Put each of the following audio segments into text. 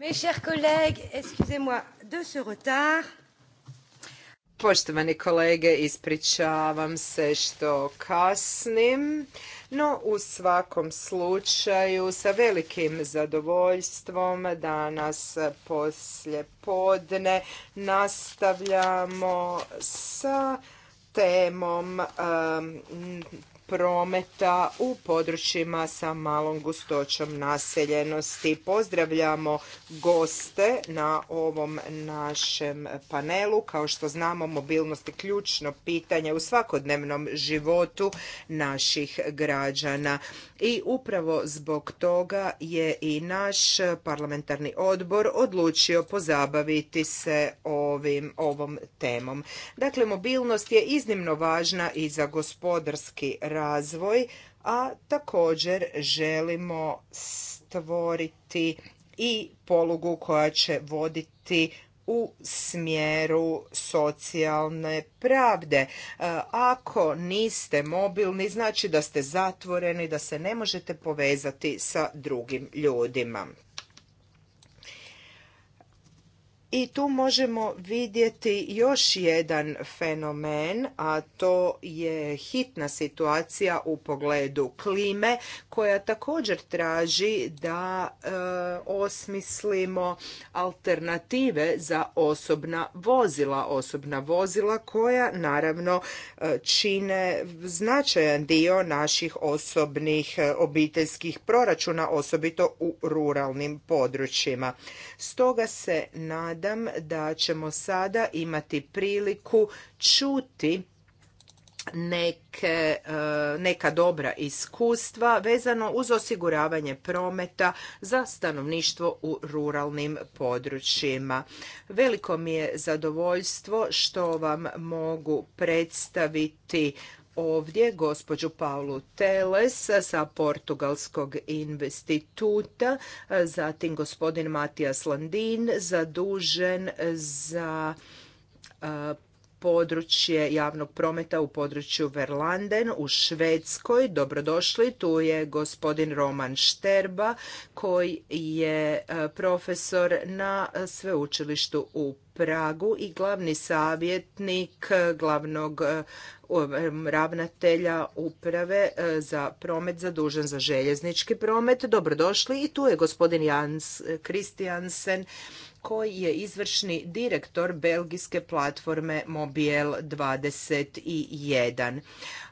Mes chers collègues, excusez-moi de ce retard. Poštovani kolege, ispričavam se što kasnim, no u svakom slučaju sa velikim zadovoljstvom danas poslje podne nastavljamo sa temom prometa u područjima sa malom gustoćom naseljenosti. Pozdravljamo goste na ovom našem panelu. Kao što znamo, mobilnost je ključno pitanje u svakodnevnom životu naših građana. I upravo zbog toga je i naš parlamentarni odbor odlučio pozabaviti se ovim, ovom temom. Dakle, mobilnost je iznimno važna i za gospodarski razvoj razvoj, a također želimo stvoriti i polugu koja će voditi u smjeru socijalne pravde. E, ako niste mobilni, znači da ste zatvoreni, da se ne možete povezati sa drugim ljudima. I tu možemo vidjeti još jedan fenomen, a to je hitna situacija u pogledu klime koja također traži da e, osmislimo alternative za osobna vozila, osobna vozila koja naravno e, čine značajan dio naših osobnih e, obiteljskih proračuna, osobito u ruralnim područjima. Stoga se nadam nadam da ćemo sada imati priliku čuti e, neka dobra iskustva vezano uz osiguravanje prometa za stanovništvo u ruralnim područjima. Veliko mi je zadovoljstvo što vam mogu predstaviti ovdje gospođu Paulu Teles sa Portugalskog instituta, zatim gospodin Matijas Landin zadužen za područje javnog prometa u području Verlanden u Švedskoj. Dobrodošli. Tu je gospodin Roman Šterba koji je profesor na sveučilištu u Pragu i glavni savjetnik glavnog Um, ravnatelja uprave uh, za promet zadužen za željeznički promet. Dobrodošli i tu je gospodin Jans Kristijansen koji je izvršni direktor belgijske platforme Mobiel 21.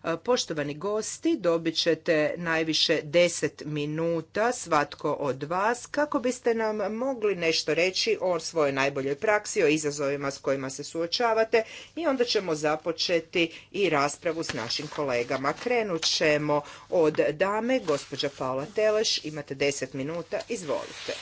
E, poštovani gosti, dobit ćete najviše 10 minuta svatko od vas kako biste nam mogli nešto reći o svojoj najboljoj praksi, o izazovima s kojima se suočavate i onda ćemo započeti i raspravu s našim kolegama. Krenut ćemo od dame, gospođa Paula Teleš, imate 10 minuta, izvolite.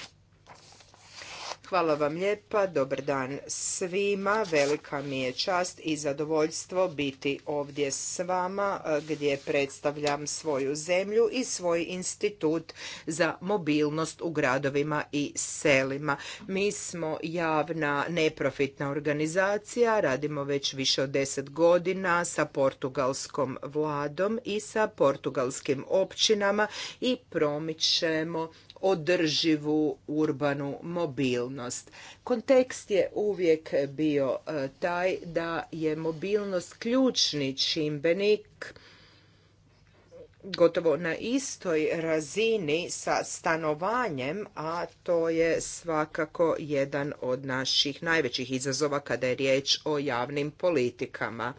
Hvala vam lijepa, dobar dan svima, velika mi je čast i zadovoljstvo biti ovdje s vama e, gdje predstavljam svoju zemlju i svoj institut za mobilnost u gradovima i selima. Mi smo javna neprofitna organizacija, radimo već više od deset godina sa portugalskom vladom i sa portugalskim općinama i promičemo održivu urbanu mobilnost. Kontekst je uvijek bio e, taj da je mobilnost ključni čimbenik gotovo na istoj razini sa stanovanjem, a to je svakako jedan od naših najvećih izazova kada je riječ o javnim politikama.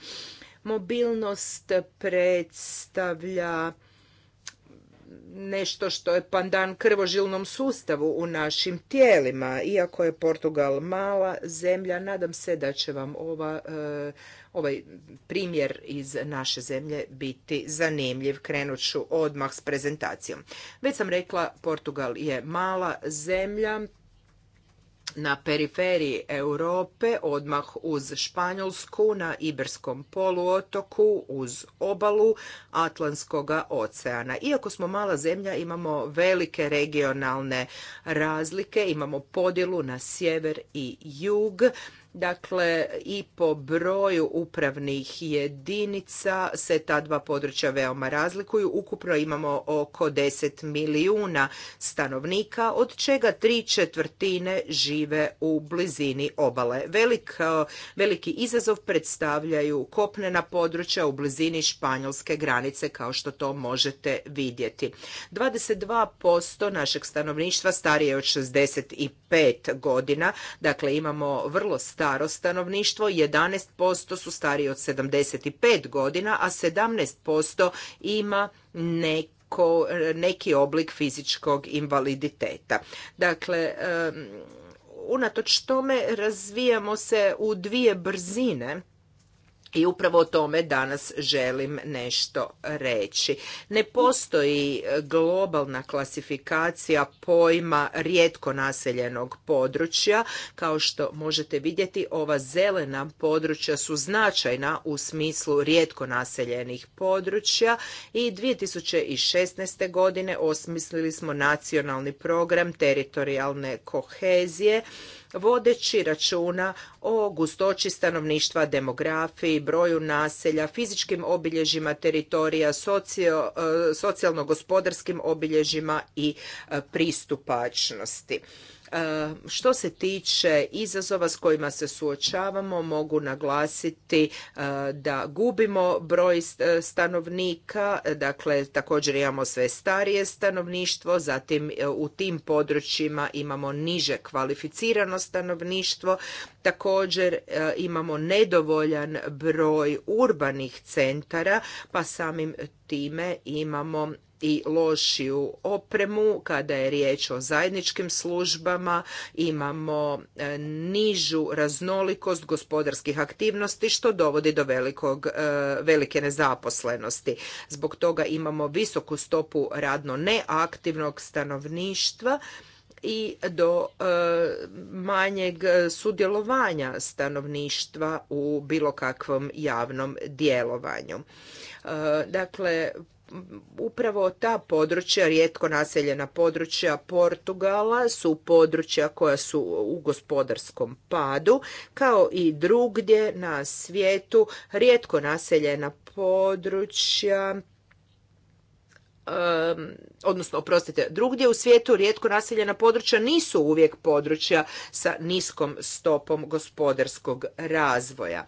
Mobilnost predstavlja nešto što je pandan krvožilnom sustavu u našim tijelima. Iako je Portugal mala zemlja, nadam se da će vam ova, eh, ovaj primjer iz naše zemlje biti zanimljiv. Krenut ću odmah s prezentacijom. Već sam rekla, Portugal je mala zemlja, na periferiji Europe, odmah uz Španjolsku, na Iberskom poluotoku, uz obalu Atlantskog oceana. Iako smo mala zemlja, imamo velike regionalne razlike, imamo podjelu na sjever i jug, Dakle, i po broju upravnih jedinica se ta dva područja veoma razlikuju. Ukupno imamo oko 10 milijuna stanovnika, od čega tri četvrtine žive u blizini obale. Velik, e, veliki izazov predstavljaju kopnena područja u blizini španjolske granice, kao što to možete vidjeti. 22% našeg stanovništva starije od 65 godina, dakle imamo vrlo staro stanovništvo, 11% su stariji od 75 godina, a 17% ima neki neki oblik fizičkog invaliditeta. Dakle, unatoč tome razvijamo se u dvije brzine i upravo o tome danas želim nešto reći. Ne postoji e, globalna klasifikacija pojma rijetko naseljenog područja. Kao što možete vidjeti, ova zelena područja su značajna u smislu rijetko naseljenih područja i 2016. godine osmislili smo nacionalni program teritorijalne kohezije vodeći računa o gustoći stanovništva, demografiji, broju naselja, fizičkim obilježjima teritorija, e, socijalno-gospodarskim obilježjima i e, pristupačnosti. E, što se tiče izazova s kojima se suočavamo, mogu naglasiti e, da gubimo broj e, stanovnika, dakle također imamo sve starije stanovništvo, zatim u tim područjima imamo niže kvalificirano stanovništvo, također imamo nedovoljan broj urbanih centara, pa samim time imamo i lošiju opremu kada je riječ o zajedničkim službama, imamo e, nižu raznolikost gospodarskih aktivnosti što dovodi do velikog, e, velike nezaposlenosti. Zbog toga imamo visoku stopu radno neaktivnog stanovništva i do e, manjeg sudjelovanja stanovništva u bilo kakvom javnom djelovanju. Dakle, upravo ta područja, rijetko naseljena područja Portugala su područja koja su u gospodarskom padu, kao i drugdje na svijetu rijetko naseljena područja odnosno oprostite, drugdje u svijetu rijetko naseljena područja nisu uvijek područja sa niskom stopom gospodarskog razvoja.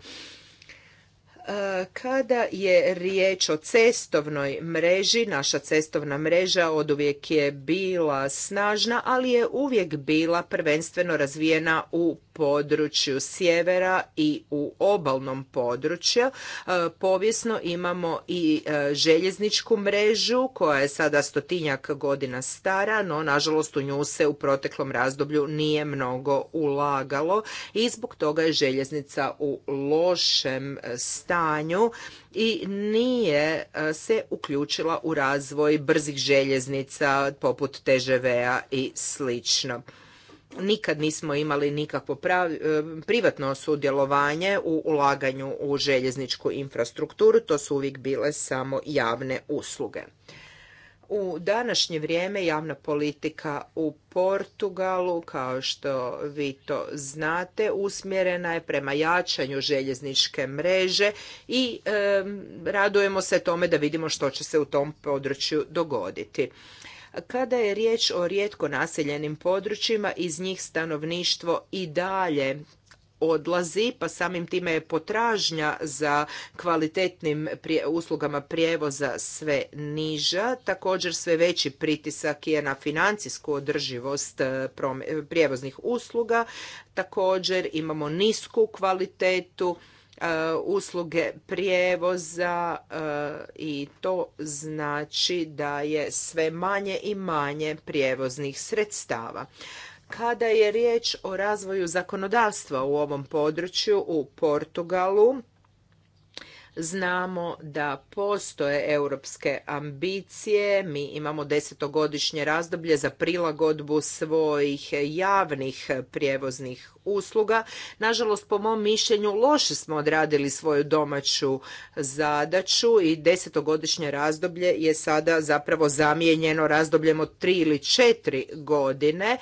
E, kada je riječ o cestovnoj mreži, naša cestovna mreža oduvijek je bila snažna, ali je uvijek bila prvenstveno razvijena u području sjevera i u obalnom području. E, povijesno imamo i e, željezničku mrežu koja je sada stotinjak godina stara, no nažalost u nju se u proteklom razdoblju nije mnogo ulagalo i zbog toga je željeznica u lošem stanju stanju i nije e, se uključila u razvoj brzih željeznica poput TŽV-a i slično nikad nismo imali nikakvo e, privatno sudjelovanje u ulaganju u željezničku infrastrukturu, to su uvijek bile samo javne usluge. U današnje vrijeme javna politika u Portugalu, kao što vi to znate, usmjerena je prema jačanju željezničke mreže i radujemo se tome da vidimo što će se u tom području dogoditi. Kada je riječ o rijetko naseljenim područjima, iz njih stanovništvo i dalje odlazi, pa samim time je potražnja za kvalitetnim uslugama prijevoza sve niža. Također sve veći pritisak je na financijsku održivost e, e, prijevoznih usluga. Također imamo nisku kvalitetu e, usluge prijevoza i to znači da je sve manje i manje prijevoznih sredstava. Kada je riječ o razvoju zakonodavstva u ovom području u Portugalu, Znamo da postoje europske ambicije, mi imamo desetogodišnje razdoblje za prilagodbu svojih javnih prijevoznih usluga. Nažalost, po mom mišljenju, loše smo odradili svoju domaću zadaću i desetogodišnje razdoblje je sada zapravo zamijenjeno razdobljem od tri ili četiri godine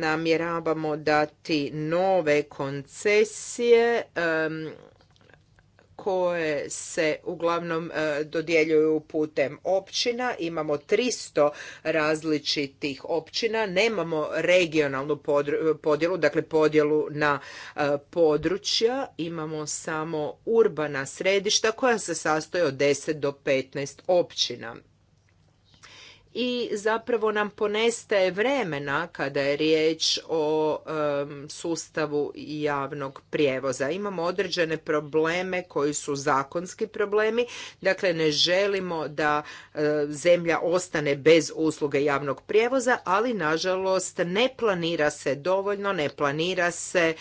namjeravamo dati nove koncesije koje se uglavnom e, dodjeljuju putem općina. Imamo 300 različitih općina, nemamo regionalnu podjelu, dakle podjelu na e, područja, imamo samo urbana središta koja se sastoje od 10 do 15 općina i zapravo nam ponestaje vremena kada je riječ o sustavu javnog prijevoza. Imamo određene probleme koji su zakonski problemi, dakle ne želimo da e, zemlja ostane bez usluge javnog prijevoza, ali nažalost ne planira se dovoljno, ne planira se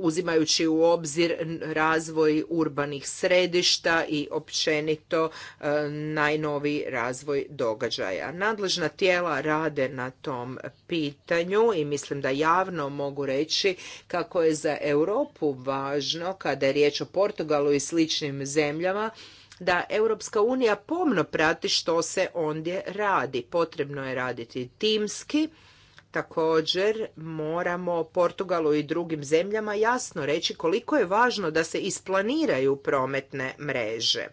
uzimajući u obzir razvoj urbanih središta i općenito e, najnoviji razvoj događaja. Nadležna tijela rade na tom pitanju i mislim da javno mogu reći kako je za Europu važno kada je riječ o Portugalu i sličnim zemljama da Europska unija pomno prati što se ondje radi. Potrebno je raditi timski Također moramo Portugalu i drugim zemljama jasno reći koliko je važno da se isplaniraju prometne mreže.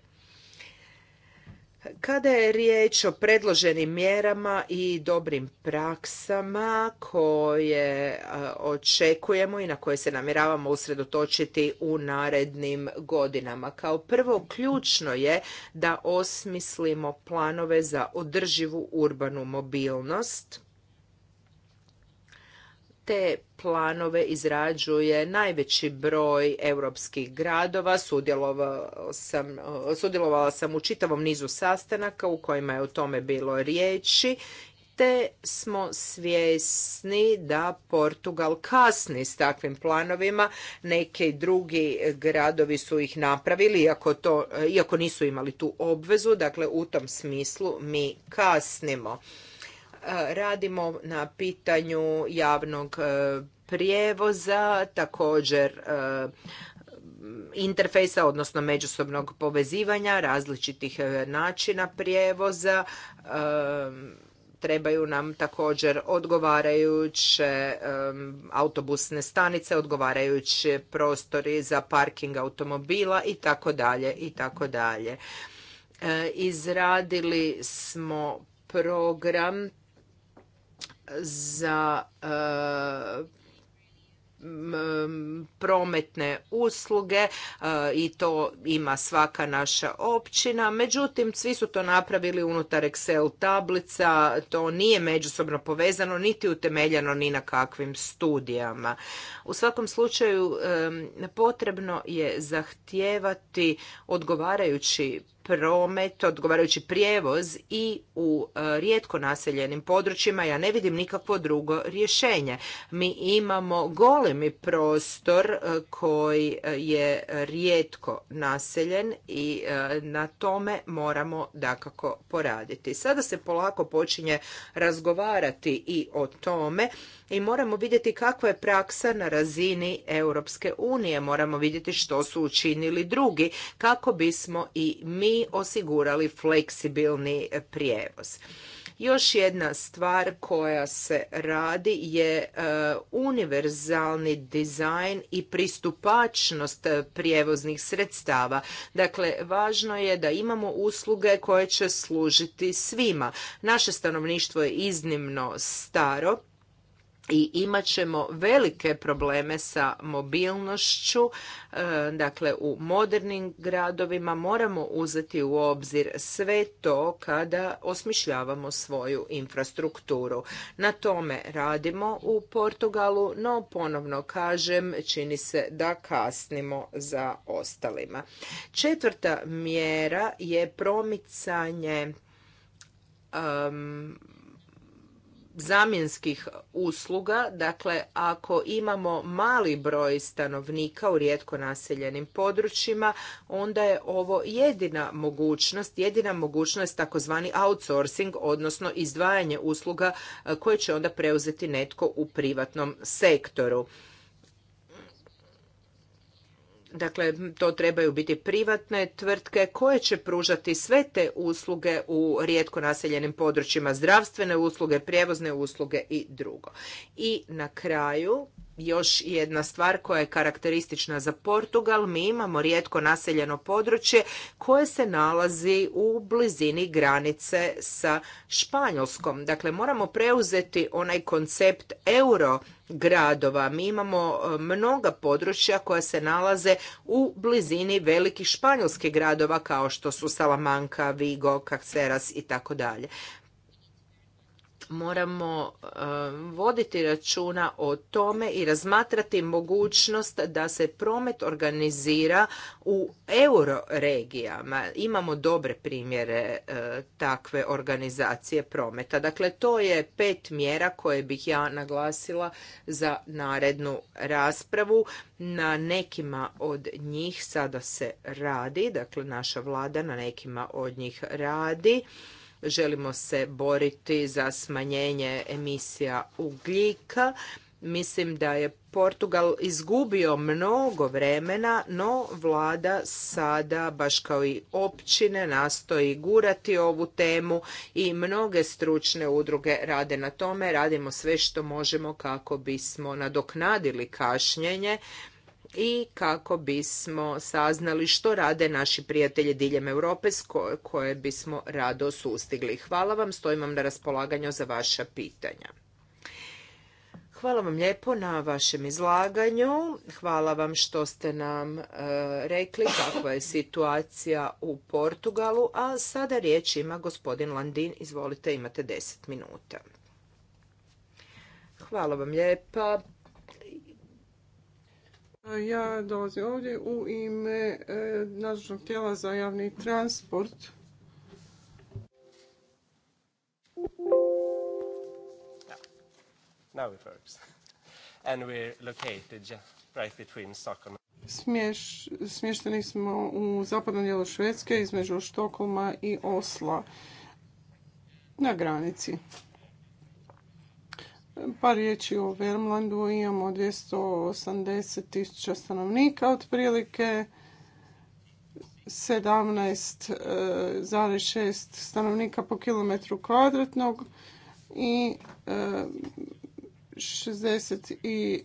Kada je riječ o predloženim mjerama i dobrim praksama koje e, očekujemo i na koje se namjeravamo usredotočiti u narednim godinama. Kao prvo ključno je da osmislimo planove za održivu urbanu mobilnost te planove izrađuje najveći broj europskih gradova. Sudjelovala sam, sudjelovala sam u čitavom nizu sastanaka u kojima je o tome bilo riječi te smo svjesni da Portugal kasni s takvim planovima. Neki drugi gradovi su ih napravili, iako, to, iako nisu imali tu obvezu. Dakle, u tom smislu mi kasnimo. Radimo na pitanju javnog e, prijevoza, također e, interfejsa, odnosno međusobnog povezivanja, različitih e, načina prijevoza. Trebaju nam također odgovarajuće autobusne stanice, odgovarajući prostori za parking automobila i tako dalje i tako dalje. Izradili smo program za e, prometne usluge e, i to ima svaka naša općina. Međutim, svi su to napravili unutar Excel tablica, to nije međusobno povezano niti utemeljeno ni na kakvim studijama. U svakom slučaju e, potrebno je zahtijevati odgovarajući promet, odgovarajući prijevoz i u e, rijetko naseljenim područjima, ja ne vidim nikakvo drugo rješenje. Mi imamo golemi prostor e, koji e, je rijetko naseljen i na tome moramo dakako poraditi. Sada se polako počinje razgovarati i o tome i moramo vidjeti kakva je praksa na razini Europske unije. Moramo vidjeti što su učinili drugi kako bismo i mi osigurali fleksibilni prijevoz. Još jedna stvar koja se radi je e, univerzalni dizajn i pristupačnost e, prijevoznih sredstava. Dakle, važno je da imamo usluge koje će služiti svima. Naše stanovništvo je iznimno staro i imat ćemo velike probleme sa mobilnošću, e, dakle u modernim gradovima moramo uzeti u obzir sve to kada osmišljavamo svoju infrastrukturu. Na tome radimo u Portugalu, no ponovno kažem, čini se da kasnimo za ostalima. Četvrta mjera je promicanje zamjenskih usluga, dakle ako imamo mali broj stanovnika u rijetko naseljenim područjima, onda je ovo jedina mogućnost, jedina mogućnost takozvani outsourcing, odnosno izdvajanje usluga eh, koje će onda preuzeti netko u privatnom sektoru. Dakle, to trebaju biti privatne tvrtke koje će pružati sve te usluge u rijetko naseljenim područjima, zdravstvene usluge, prijevozne usluge i drugo. I na kraju, još jedna stvar koja je karakteristična za Portugal. Mi imamo rijetko naseljeno područje koje se nalazi u blizini granice sa Španjolskom. Dakle, moramo preuzeti onaj koncept euro gradova. Mi imamo e, mnoga područja koja se nalaze u blizini velikih španjolskih gradova kao što su Salamanca, Vigo, Caceras i tako dalje moramo e, voditi računa o tome i razmatrati mogućnost da se promet organizira u euroregijama. Imamo dobre primjere e, takve organizacije prometa. Dakle, to je pet mjera koje bih ja naglasila za narednu raspravu. Na nekima od njih sada se radi, dakle naša vlada na nekima od njih radi želimo se boriti za smanjenje emisija ugljika. Mislim da je Portugal izgubio mnogo vremena, no vlada sada, baš kao i općine, nastoji gurati ovu temu i mnoge stručne udruge rade na tome. Radimo sve što možemo kako bismo nadoknadili kašnjenje i kako bismo saznali što rade naši prijatelji diljem Europe koje bismo rado sustigli. Hvala vam, stojim vam na raspolaganju za vaša pitanja. Hvala vam lijepo na vašem izlaganju. Hvala vam što ste nam e, rekli kakva je situacija u Portugalu, a sada riječ ima gospodin Landin. Izvolite, imate 10 minuta. Hvala vam lijepa ja dolazim ovdje u ime e, nadležnog tijela za javni transport. smješteni smo u zapadnom dijelu Švedske između Štokoma i Osla na granici. Par riječi o Vermlandu. Imamo 280 tisuća stanovnika otprilike. 17,6 e, stanovnika po kilometru kvadratnog i 62 e,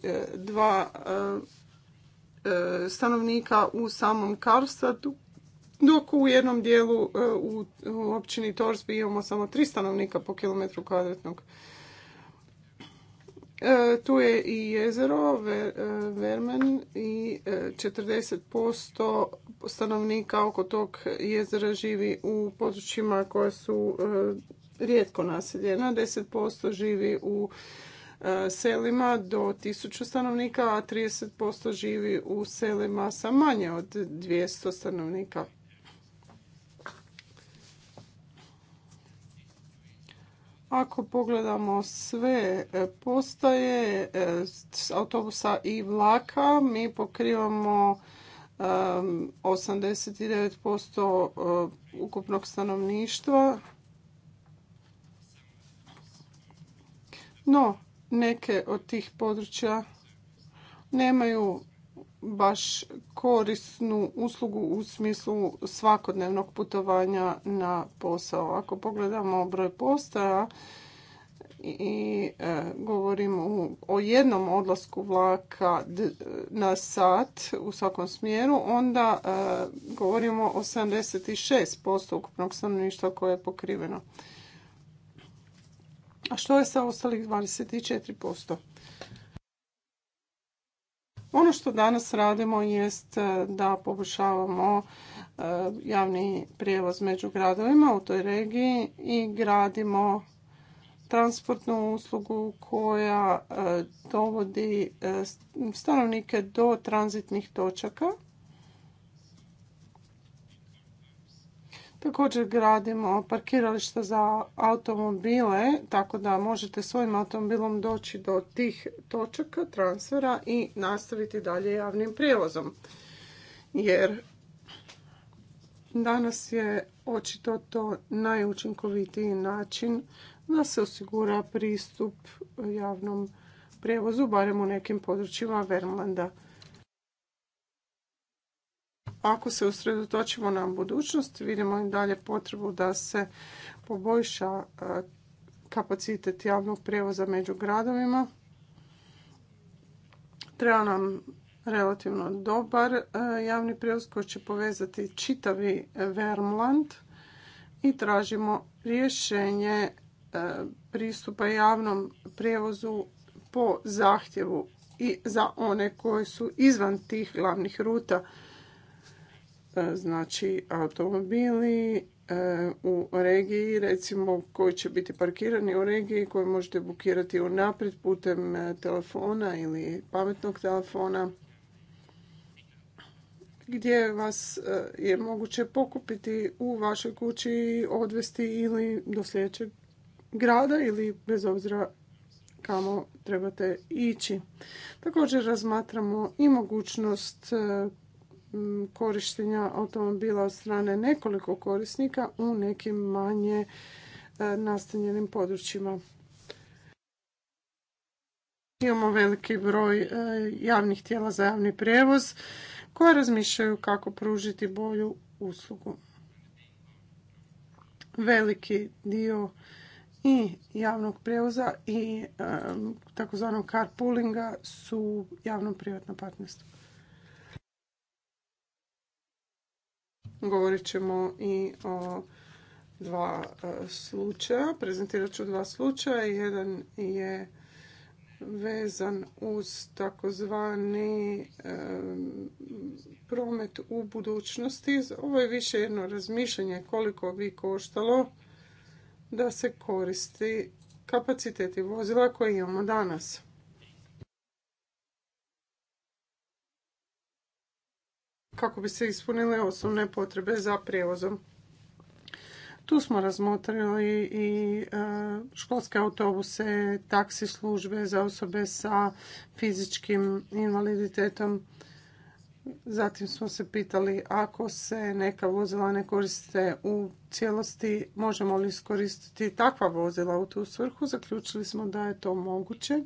e, stanovnika u samom Karlstadu, dok u jednom dijelu u općini Torsby imamo samo 3 stanovnika po kilometru kvadratnog. E, tu je i jezero e, Vermen i 40% e, stanovnika oko tog jezera živi u područjima koja su rijetko naseljena, 10% živi u selima do 1000 stanovnika, a 30% živi u selima sa manje od 200 stanovnika. Ako pogledamo sve e, postaje e, autobusa i vlaka, mi pokrivamo 89% e, ukupnog stanovništva. No, neke od tih područja nemaju baš korisnu uslugu u smislu svakodnevnog putovanja na posao. Ako pogledamo broj postaja i e, govorimo o jednom odlasku vlaka na sat u svakom smjeru, onda e, govorimo o 76% ukupnog stanovništva koje je pokriveno. A što je sa ostalih 24%? Ono što danas radimo jest e, da poboljšavamo e, javni prijevoz među gradovima u toj regiji i gradimo transportnu uslugu koja e, dovodi stanovnike do tranzitnih točaka Također gradimo parkirališta za automobile, tako da možete svojim automobilom doći do tih točaka transfera i nastaviti dalje javnim prijevozom. Jer danas je očito to najučinkovitiji način da se osigura pristup javnom prijevozu, barem u nekim područjima Vermlanda. Ako se usredotočimo na budućnost, vidimo i dalje potrebu da se poboljša e, kapacitet javnog prijevoza među gradovima. Treba nam relativno dobar e, javni prijevoz koji će povezati čitavi e, Vermland i tražimo rješenje pristupa javnom prijevozu po zahtjevu i za one koji su izvan tih glavnih ruta. E, znači automobili e, u regiji, recimo koji će biti parkirani u regiji koje možete bukirati unaprijed putem e, telefona ili pametnog telefona gdje vas je moguće pokupiti u vašoj kući odvesti ili do sljedećeg grada ili bez obzira kamo trebate ići. Također razmatramo i mogućnost Mm, korištenja automobila od strane nekoliko korisnika u nekim manje e, nastanjenim područjima. Imamo veliki broj e, javnih tijela za javni prijevoz koja razmišljaju kako pružiti bolju uslugu. Veliki dio i javnog prijevoza i e, takozvanog carpoolinga su javno privatno partnerstvo Govorit ćemo i o dva e, slučaja. Prezentirat ću dva slučaja. Jedan je vezan uz takozvani e, promet u budućnosti. Ovo je više jedno razmišljanje koliko bi koštalo da se koristi kapaciteti vozila koje imamo danas. kako bi se ispunile osnovne potrebe za prijevozom. Tu smo razmotrili i e, školske autobuse, taksi službe za osobe sa fizičkim invaliditetom. Zatim smo se pitali ako se neka vozila ne koriste u cijelosti, možemo li iskoristiti takva vozila u tu svrhu. Zaključili smo da je to moguće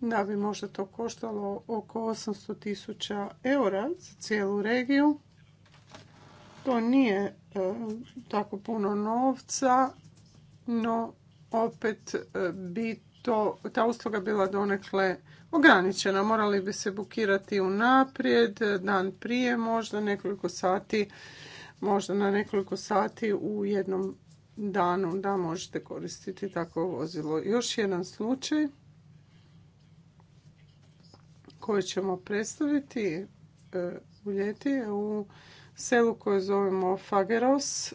da bi možda to koštalo oko 800 tisuća eura za cijelu regiju. To nije e, tako puno novca, no opet e, bi to, ta usluga bila donekle ograničena. Morali bi se bukirati unaprijed, dan prije možda, nekoliko sati, možda na nekoliko sati u jednom danu da možete koristiti takvo vozilo. Još jedan slučaj koje ćemo predstaviti e, u ljeti u selu koje zovemo Fageros,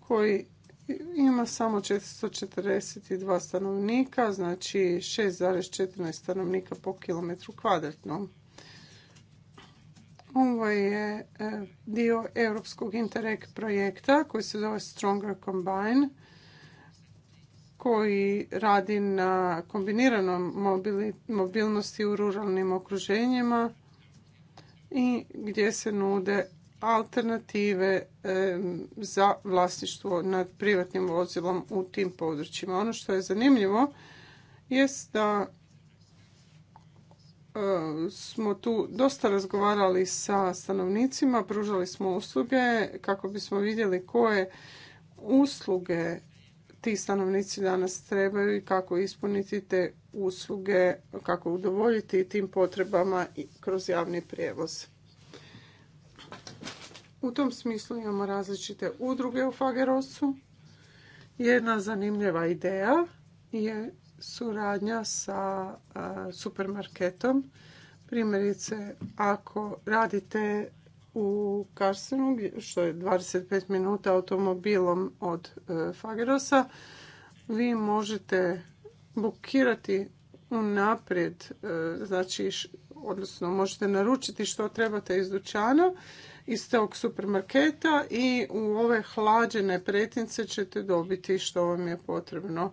koji ima samo 442 stanovnika, znači 6,14 stanovnika po kilometru kvadratnom. Ovo ovaj je e, dio europskog Interreg projekta koji se zove Stronger Combine – koji radi na kombiniranom mobilnosti u ruralnim okruženjima i gdje se nude alternative za vlasništvo nad privatnim vozilom u tim područjima. Ono što je zanimljivo jest da e, smo tu dosta razgovarali sa stanovnicima, pružali smo usluge kako bismo vidjeli koje usluge ti stanovnici danas trebaju i kako ispuniti te usluge, kako udovoljiti tim potrebama i kroz javni prijevoz. U tom smislu imamo različite udruge u Fagerosu. Jedna zanimljiva ideja je suradnja sa supermarketom. Primjerice, ako radite u Karsenu, što je 25 minuta automobilom od e, Fagerosa. Vi možete bukirati unaprijed, e, znači, odnosno možete naručiti što trebate iz dućana, iz tog supermarketa i u ove hlađene pretince ćete dobiti što vam je potrebno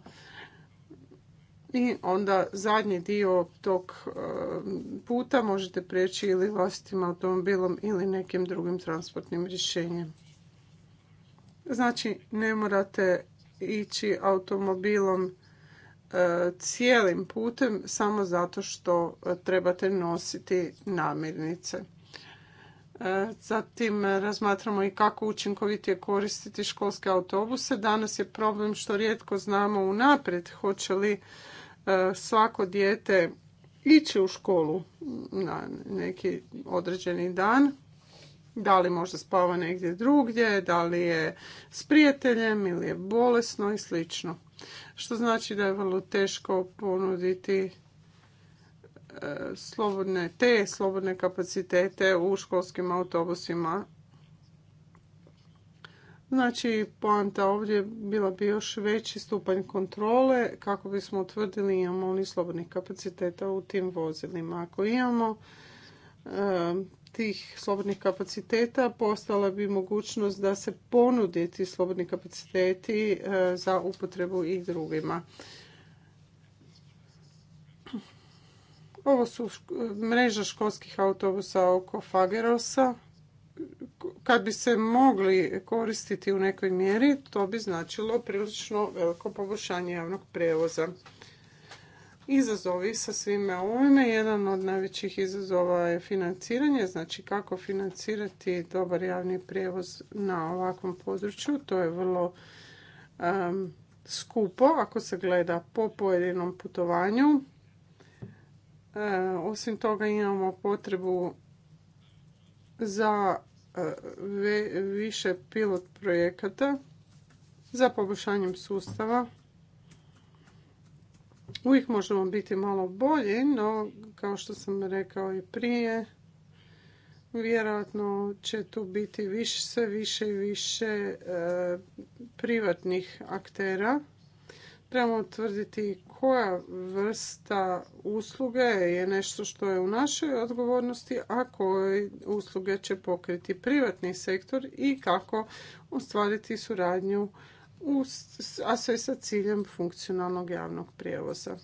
i onda zadnji dio tog e, puta možete prijeći ili vlastitim automobilom ili nekim drugim transportnim rješenjem. Znači, ne morate ići automobilom e, cijelim putem samo zato što trebate nositi namirnice. E, zatim razmatramo i kako učinkovitije koristiti školske autobuse. Danas je problem što rijetko znamo unaprijed hoće li E, svako dijete ići u školu na neki određeni dan. Da li možda spava negdje drugdje, da li je s prijateljem ili je bolesno i slično. Što znači da je vrlo teško ponuditi e, slobodne, te slobodne kapacitete u školskim autobusima Znači, poanta ovdje bila bi još veći stupanj kontrole kako bismo utvrdili imamo li slobodnih kapaciteta u tim vozilima. Ako imamo tih slobodnih kapaciteta postala bi mogućnost da se ponude ti slobodni kapaciteti eh, za upotrebu i drugima. Ovo su mreža školskih autobusa oko Fagerosa kad bi se mogli koristiti u nekoj mjeri, to bi značilo prilično veliko poboljšanje javnog prevoza. Izazovi sa svime ovime, jedan od najvećih izazova je financiranje, znači kako financirati dobar javni prijevoz na ovakvom području, to je vrlo skupo ako se gleda po pojedinom putovanju. E, osim toga imamo potrebu za više pilot projekata za poboljšanjem sustava. Uvijek možemo biti malo bolji, no kao što sam rekao i prije, vjerojatno će tu biti više, sve više i više privatnih aktera trebamo tvrditi koja vrsta usluge je nešto što je u našoj odgovornosti, a koje usluge će pokriti privatni sektor i kako ostvariti suradnju, a sve sa ciljem funkcionalnog javnog prijevoza.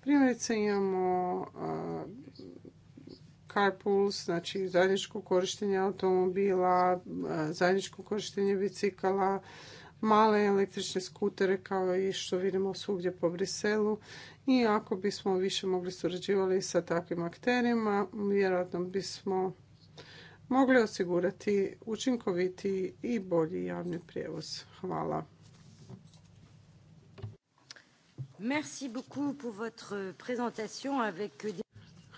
Primjerice imamo carpools, znači zajedničko korištenje automobila, zajedničko korištenje bicikala, male električne skutere kao i što vidimo svugdje po Briselu i ako bismo više mogli surađivali sa takvim akterima, vjerojatno bismo mogli osigurati učinkovitiji i bolji javni prijevoz. Hvala. Merci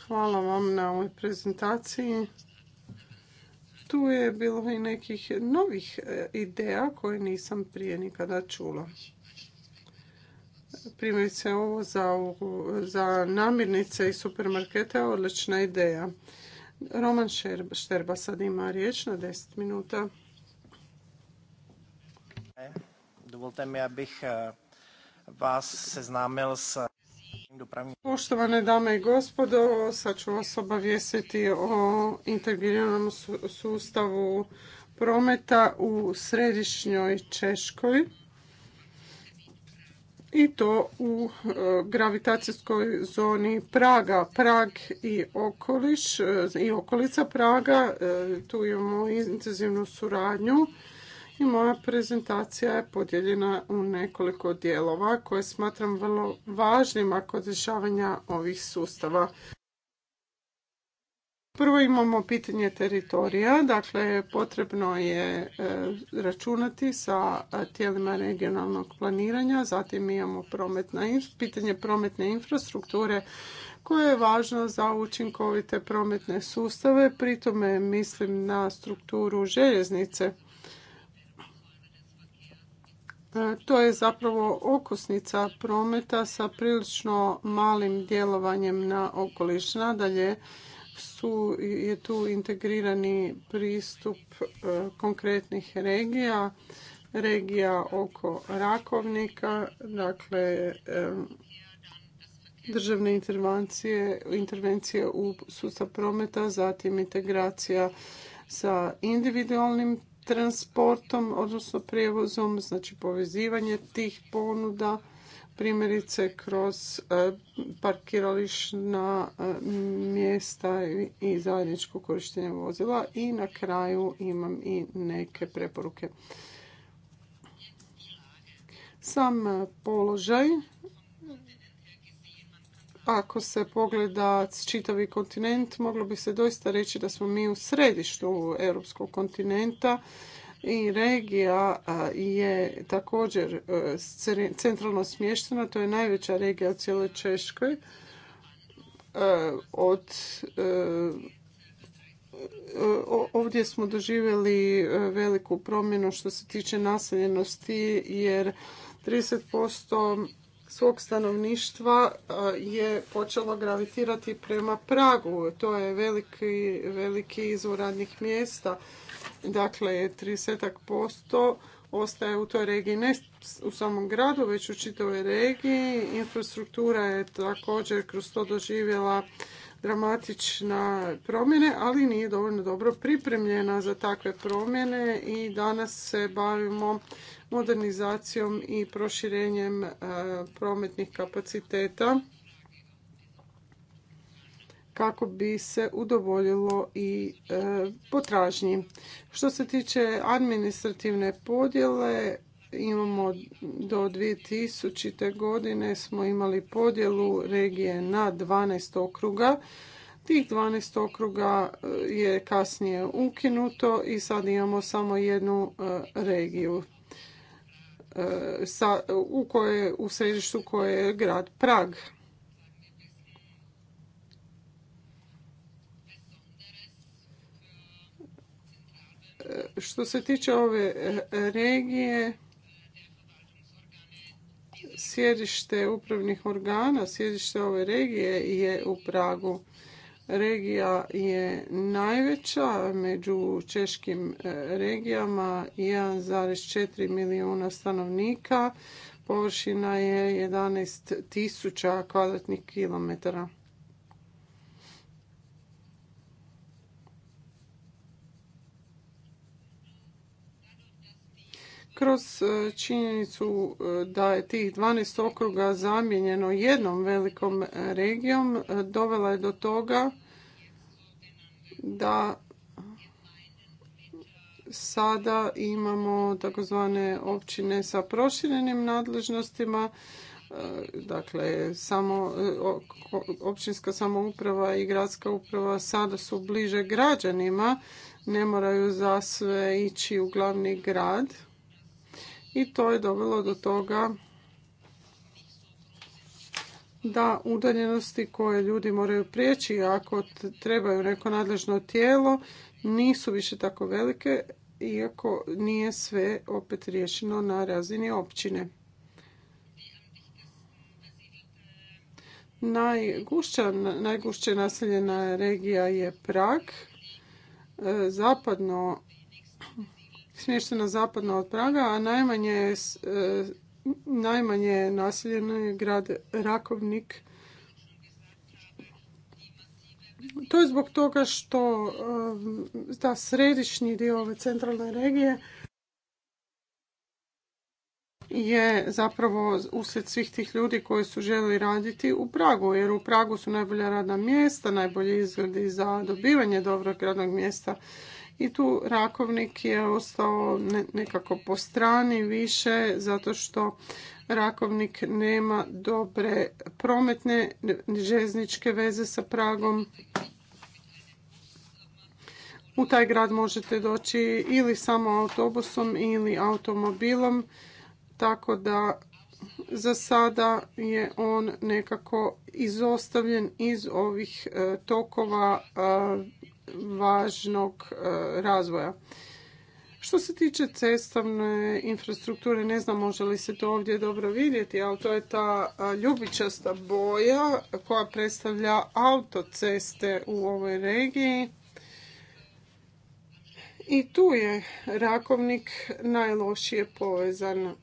Hvala vam na ovoj prezentaciji tu je bilo i nekih novih e, ideja koje nisam prije nikada čula. Primjerice ovo za, za namirnice i supermarkete je odlična ideja. Roman Šterba sad ima riječ na 10 minuta. Dovolite mi, bih e, vas seznamil s Poštovane dame i gospodo, sad ću vas obavijestiti o integriranom sustavu prometa u središnjoj Češkoj i to u e, gravitacijskoj zoni Praga, Prag i okoliš e, i okolica Praga. E, tu imamo intenzivnu suradnju moja prezentacija je podijeljena u nekoliko dijelova koje smatram vrlo važnima kod rješavanja ovih sustava. Prvo imamo pitanje teritorija, dakle potrebno je e, računati sa e, tijelima regionalnog planiranja, zatim imamo pitanje prometne infrastrukture koje je važno za učinkovite prometne sustave, Pritome mislim na strukturu željeznice E, to je zapravo okosnica prometa sa prilično malim djelovanjem na okoliš. Nadalje su, je tu integrirani pristup e, konkretnih regija, regija oko Rakovnika, dakle e, državne intervencije, intervencije u sustav prometa, zatim integracija sa individualnim transportom, odnosno prijevozom, znači povezivanje tih ponuda, primjerice kroz e, parkirališna e, mjesta i zajedničko korištenje vozila. I na kraju imam i neke preporuke. Sam e, položaj ako se pogleda čitavi kontinent, moglo bi se doista reći da smo mi u središtu europskog kontinenta i regija je također e, centralno smještena, to je najveća regija u cijeloj Češkoj. E, od e, ovdje smo doživjeli veliku promjenu što se tiče naseljenosti jer 30% svog stanovništva e, je počelo gravitirati prema Pragu. To je veliki, izvor radnih mjesta. Dakle, 30% posto ostaje u toj regiji, ne u samom gradu, već u čitavoj regiji. Infrastruktura je također kroz to doživjela dramatične promjene, ali nije dovoljno dobro pripremljena za takve promjene i danas se bavimo modernizacijom i proširenjem e, prometnih kapaciteta kako bi se udovoljilo i e, potražnji. Što se tiče administrativne podjele, imamo do 2000. godine smo imali podjelu regije na 12 okruga. Tih 12 okruga e, je kasnije ukinuto i sad imamo samo jednu regiju. E, u, koje, u središtu koje je grad Prag. E, što se tiče ove e, regije, sjedište upravnih organa, sjedište ove regije je u Pragu regija je najveća među češkim e, regijama 1,4 milijuna stanovnika, površina je 11 tisuća kvadratnih kilometara. kroz e, činjenicu e, da je tih 12 okruga zamijenjeno jednom velikom e, regijom dovela je do toga da sada imamo takozvane općine sa proširenim nadležnostima dakle samo općinska samouprava i gradska uprava sada su bliže građanima ne moraju za sve ići u glavni grad i to je dovelo do toga da udaljenosti koje ljudi moraju prijeći ako trebaju neko nadležno tijelo nisu više tako velike iako nije sve opet riješeno na razini općine. Najgušća, najgušće naseljena regija je Prag, e, zapadno smještena zapadno od Praga, a najmanje, e, najmanje naseljeno je grad Rakovnik. To je zbog toga što da e, središnji dio ove centralne regije je zapravo uslijed svih tih ljudi koji su želi raditi u Pragu, jer u Pragu su najbolja radna mjesta, najbolji izgledi za dobivanje dobrog radnog mjesta i tu Rakovnik je ostao nekako po strani više zato što Rakovnik nema dobre prometne željezničke veze sa Pragom. U taj grad možete doći ili samo autobusom ili automobilom, tako da za sada je on nekako izostavljen iz ovih e, tokova e, važnog e, razvoja. Što se tiče cestovne infrastrukture, ne znam može li se to ovdje dobro vidjeti, ali to je ta e, ljubičasta boja koja predstavlja autoceste u ovoj regiji. I tu je Rakovnik najlošije povezan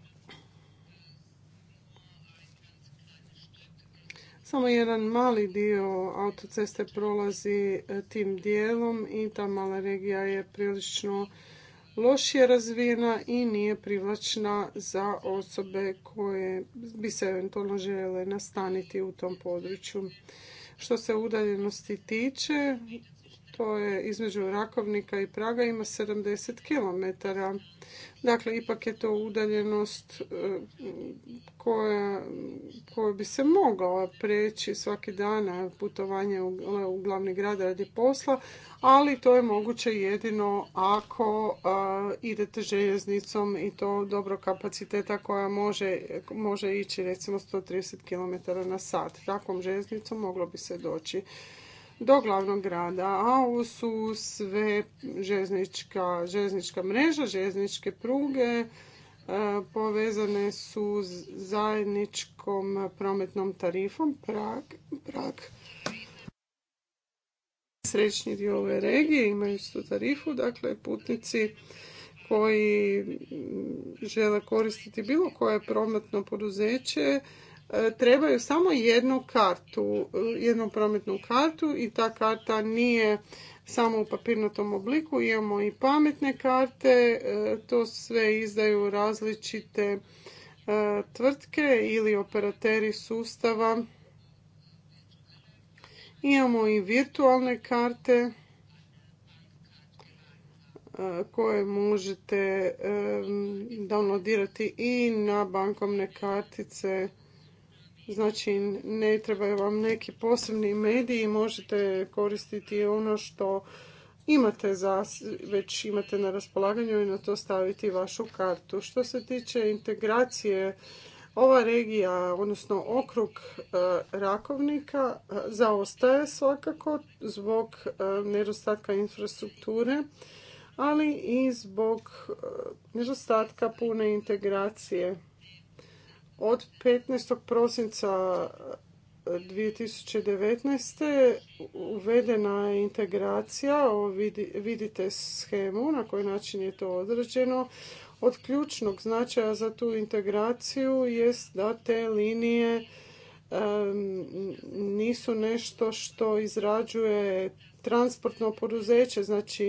Samo jedan mali dio autoceste prolazi e, tim dijelom i ta mala regija je prilično lošije razvijena i nije privlačna za osobe koje bi se eventualno željele nastaniti u tom području. Što se udaljenosti tiče, je između Rakovnika i Praga ima 70 km. Dakle, ipak je to udaljenost e, koja, bi se mogla preći svaki dan putovanje u glavni grad radi posla, ali to je moguće jedino ako idete željeznicom i to dobro kapaciteta koja može, može ići recimo 130 km na sat. Takvom željeznicom moglo bi se doći do glavnog grada, a ovo su sve željeznička, mreža, željezničke pruge, e, povezane su zajedničkom prometnom tarifom Prag. Prag. Srećni dio ove regije imaju istu tarifu, dakle putnici koji žele koristiti bilo koje prometno poduzeće E, trebaju samo jednu kartu, jednu prometnu kartu i ta karta nije samo u papirnatom obliku, imamo i pametne karte, e, to sve izdaju različite e, tvrtke ili operateri sustava. Imamo i virtualne karte koje možete downloadirati i na bankovne kartice Znači, ne trebaju vam neki posebni mediji, možete koristiti ono što imate za, već imate na raspolaganju i na to staviti vašu kartu. Što se tiče integracije, ova regija, odnosno okrug e, Rakovnika, e, zaostaje svakako zbog e, nedostatka infrastrukture, ali i zbog nedostatka pune integracije od 15. prosinca 2019. Eh, uvedena je integracija, vidite schemu na koji način je to određeno. Od ključnog značaja za tu integraciju jest da te linije nisu nešto što izrađuje transportno poduzeće, znači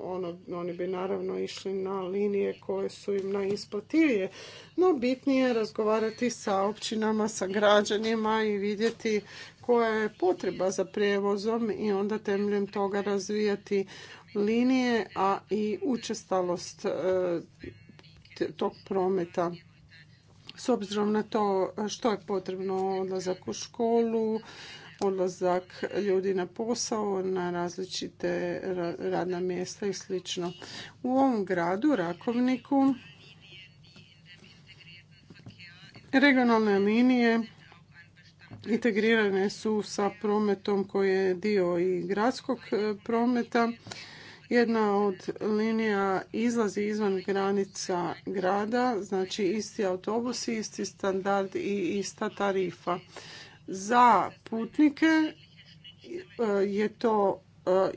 ono, oni bi naravno išli na linije koje su im najisplativije, no bitnije je razgovarati sa općinama, sa građanima i vidjeti koja je potreba za prijevozom i onda temeljem toga razvijati linije, a i učestalost e, tog prometa. S obzirom na to što je potrebno odlazak u školu, odlazak ljudi na posao, na različite radna mjesta i sl. U ovom gradu, Rakovniku, regionalne linije integrirane su sa prometom koji je dio i gradskog e, prometa. Jedna od linija izlazi izvan granica grada, znači isti autobusi, isti standard i ista tarifa. Za putnike eh, je to eh,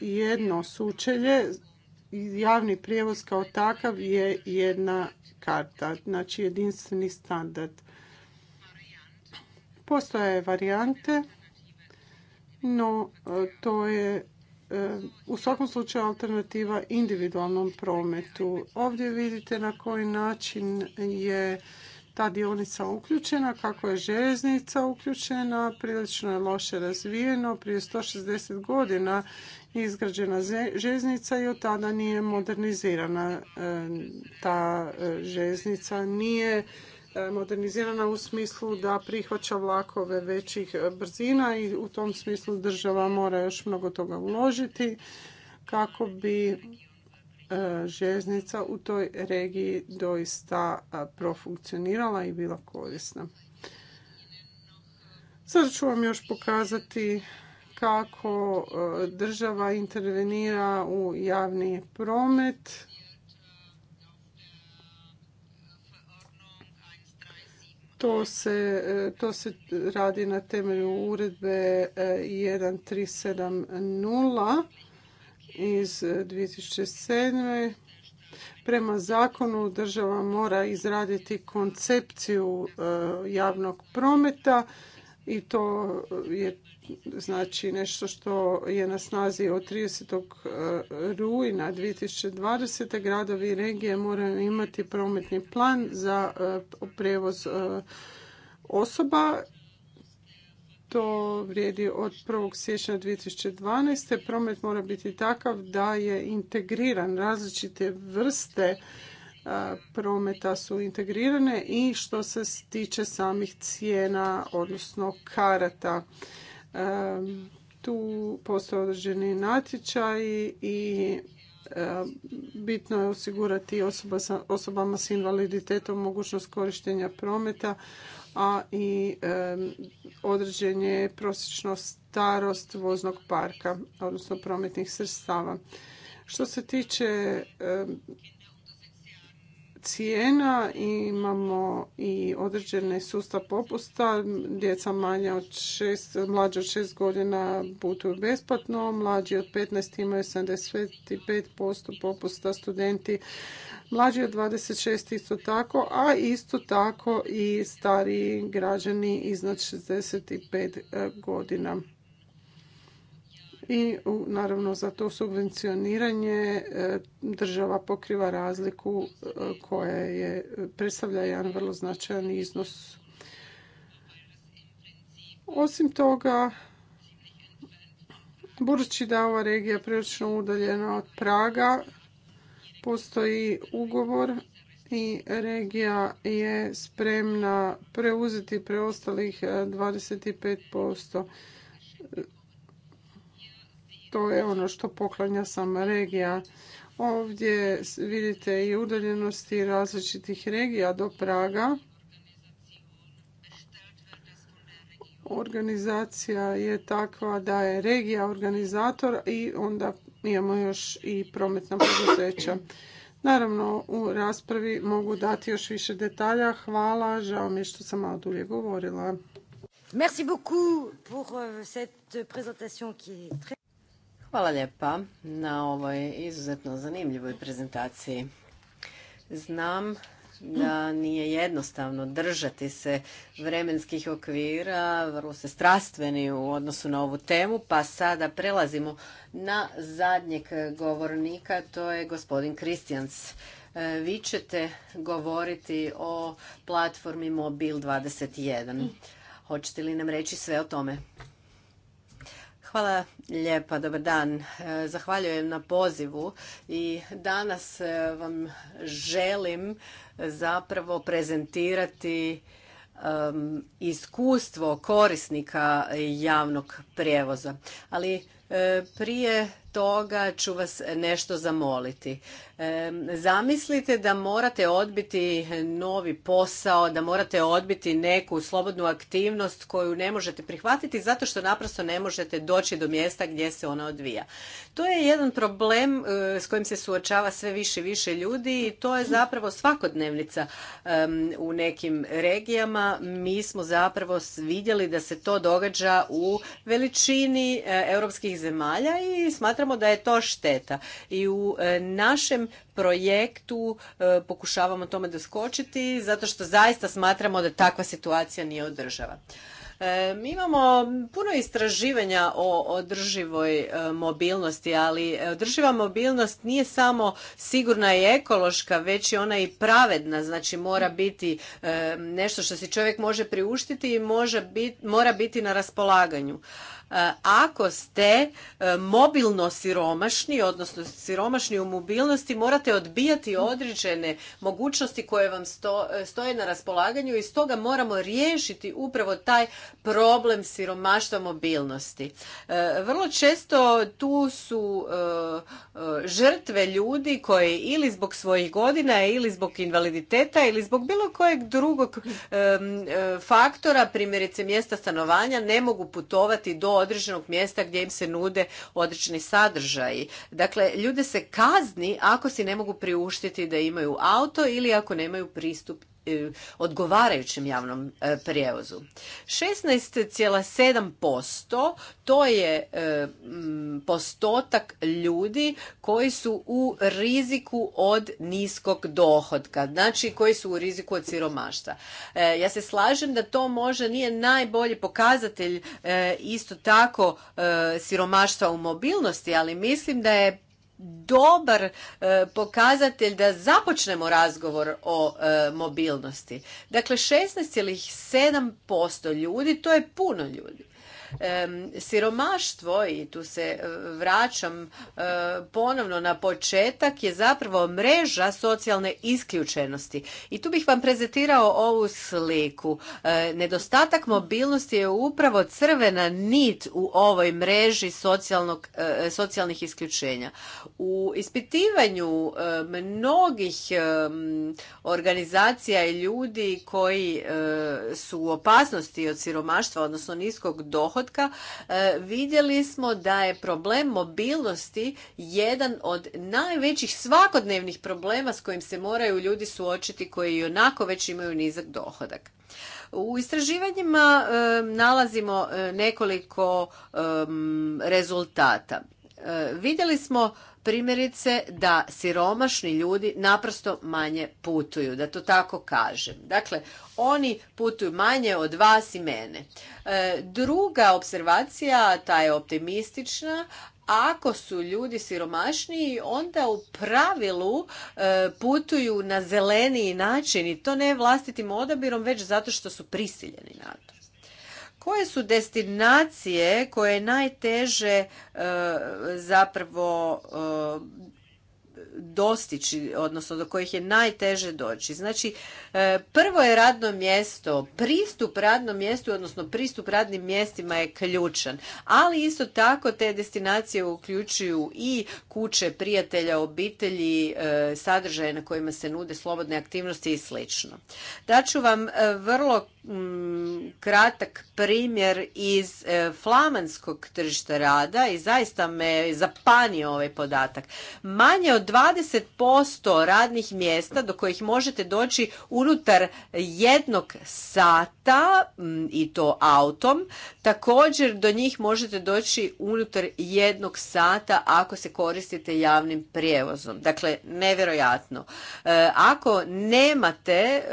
jedno sučelje, javni prijevoz kao takav je jedna karta, znači jedinstveni standard. Postoje varijante, no eh, to je u svakom slučaju alternativa individualnom prometu. Ovdje vidite na koji način je ta dionica uključena, kako je željeznica uključena, prilično je loše razvijeno, prije 160 godina je izgrađena željeznica i od tada nije modernizirana e, ta e, željeznica, nije e, modernizirana u smislu da prihvaća vlakove većih brzina i u tom smislu država mora još mnogo toga uložiti kako bi E, željeznica u toj regiji doista e, profunkcionirala i bila korisna. Sada ću vam još pokazati kako e, država intervenira u javni promet. To se, to se radi na temelju uredbe 1370 iz 2007. E, Prema zakonu država mora izraditi koncepciju e, javnog prometa i to je znači nešto što je na snazi od 30. E, rujna 2020. Gradovi i regije moraju imati prometni plan za prijevoz osoba to vrijedi od 1. siječnja 2012. Promet mora biti takav da je integriran različite vrste prometa su integrirane i što se tiče samih cijena, odnosno karata. Tu postoje određeni natječaji i bitno je osigurati osobama s invaliditetom mogućnost korištenja prometa a i određen prosječno starost voznog parka, odnosno prometnih sredstava. Što se tiče cijena, imamo i određene sustav popusta, djeca manja od šest mlađe od 6 godina putuju besplatno, mlađi od 15 imaju 75% popusta, studenti mlađi od 26 isto tako, a isto tako i stariji građani iznad 65 godina i naravno za to subvencioniranje e, država pokriva razliku e, koja je, predstavlja jedan vrlo značajan iznos. Osim toga, budući da je ova regija prilično udaljena od Praga, postoji ugovor i regija je spremna preuzeti preostalih 25% e, to je ono što poklanja sama regija. Ovdje vidite i udaljenosti različitih regija do Praga. Organizacija je takva da je regija organizator i onda imamo još i prometna poduzeća. Naravno, u raspravi mogu dati još više detalja. Hvala, žao mi je što sam malo dulje govorila. Merci beaucoup pour euh, cette présentation qui est très Hvala lijepa na ovoj izuzetno zanimljivoj prezentaciji. Znam da nije jednostavno držati se vremenskih okvira, vrlo se strastveni u odnosu na ovu temu, pa sada prelazimo na zadnjeg govornika, to je gospodin Kristijans. E, vi ćete govoriti o platformi Mobil 21. Hoćete li nam reći sve o tome? Hvala lijepa, dobar dan. E, zahvaljujem na pozivu i danas e, vam želim zapravo prezentirati iskustvo korisnika javnog prijevoza. Ali e, prije toga ću vas nešto zamoliti. E, zamislite da morate odbiti novi posao, da morate odbiti neku slobodnu aktivnost koju ne možete prihvatiti zato što naprosto ne možete doći do mjesta gdje se ona odvija. To je jedan problem e, s kojim se suočava sve više i više ljudi i to je zapravo svakodnevnica u nekim regijama. Mi smo zapravo vidjeli da se to događa u veličini e, europskih zemalja i smatram smatramo da je to šteta i u e, našem projektu e, pokušavamo tome doskočiti zato što zaista smatramo da takva situacija nije održava. E, mi imamo puno istraživanja o održivoj mobilnosti, ali održiva mobilnost nije samo sigurna i ekološka, već i ona i pravedna, znači mora biti nešto što si čovjek može priuštiti i mora biti na raspolaganju. E, ako ste e, mobilno siromašni, odnosno siromašni u mobilnosti, morate odbijati određene mogućnosti koje vam e, stoje na raspolaganju i stoga moramo riješiti upravo taj problem siromaštva mobilnosti. Vrlo često tu su žrtve ljudi koji ili zbog svojih godina ili zbog invaliditeta ili zbog bilo kojeg drugog faktora, primjerice mjesta stanovanja, ne mogu putovati do određenog mjesta gdje im se nude određeni sadržaji. Dakle, ljude se kazni ako si ne mogu priuštiti da imaju auto ili ako nemaju pristup E, odgovarajućem javnom e, prijevozu. 16,7% to je e, postotak ljudi koji su u riziku od niskog dohodka, znači koji su u riziku od siromaštva. Ja se slažem da to možda nije najbolji pokazatelj isto tako siromaštva u mobilnosti, ali mislim da je dobar e, pokazatelj da započnemo razgovor o e, mobilnosti. Dakle, 16,7% ljudi, to je puno ljudi. Siromaštvo, i tu se e, vraćam e, ponovno na početak, je zapravo mreža socijalne isključenosti. I tu bih vam prezentirao ovu sliku. E, nedostatak mobilnosti je upravo crvena nit u ovoj mreži socijalnih isključenja. U ispitivanju mnogih organizacija i ljudi koji su u opasnosti od siromaštva, odnosno niskog dohoda, E, vidjeli smo da je problem mobilnosti jedan od najvećih svakodnevnih problema s kojim se moraju ljudi suočiti koji i onako već imaju nizak dohodak. U istraživanjima e, nalazimo e, nekoliko rezultata. Vidjeli smo primjerice da siromašni ljudi naprosto manje putuju, da to tako kažem. Dakle, oni putuju manje od vas i mene. E, druga observacija, ta je optimistična, ako su ljudi siromašniji, onda u pravilu e, putuju na zeleniji način i to ne vlastitim odabirom, već zato što su prisiljeni na to koje su destinacije koje je najteže e, zapravo e, dostići, odnosno do kojih je najteže doći. Znači, e, prvo je radno mjesto, pristup radnom mjestu, odnosno pristup radnim mjestima je ključan, ali isto tako te destinacije uključuju i kuće prijatelja, obitelji, e, sadržaje na kojima se nude slobodne aktivnosti i sl. Daću vam e, vrlo mm, kratak primjer iz flamanskog tržišta rada i zaista me zapanio ovaj podatak. Manje od 20% radnih mjesta do kojih možete doći unutar jednog sata mm, i to autom. Također do njih možete doći unutar jednog sata ako se koristite javnim prijevozom. Dakle, nevjerojatno. E, ako nemate e,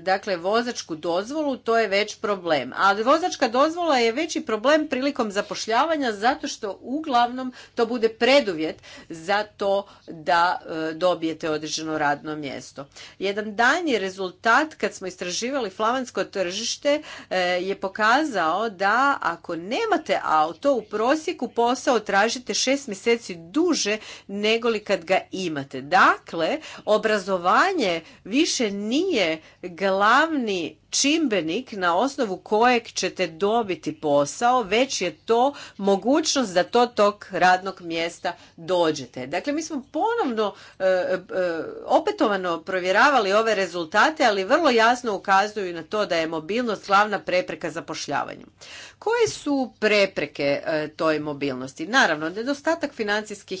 dakle, vozačku dozvolu, to je već problem. a vozačka dozvola je veći problem prilikom zapošljavanja zato što uglavnom to bude preduvjet za to da e, dobijete određeno radno mjesto. Jedan danji rezultat kad smo istraživali flavansko tržište e, je pokazao da ako nemate auto u prosjeku posao tražite šest mjeseci duže nego li kad ga imate. Dakle, obrazovanje više nije glavni čimbenik na osnovu kojeg ćete dobiti posao, već je to mogućnost da to tog radnog mjesta dođete. Dakle, mi smo ponovno e, e, opetovano provjeravali ove rezultate, ali vrlo jasno ukazuju na to da je mobilnost glavna prepreka zapošljavanju. Koje su prepreke e, toj mobilnosti? Naravno, nedostatak financijskih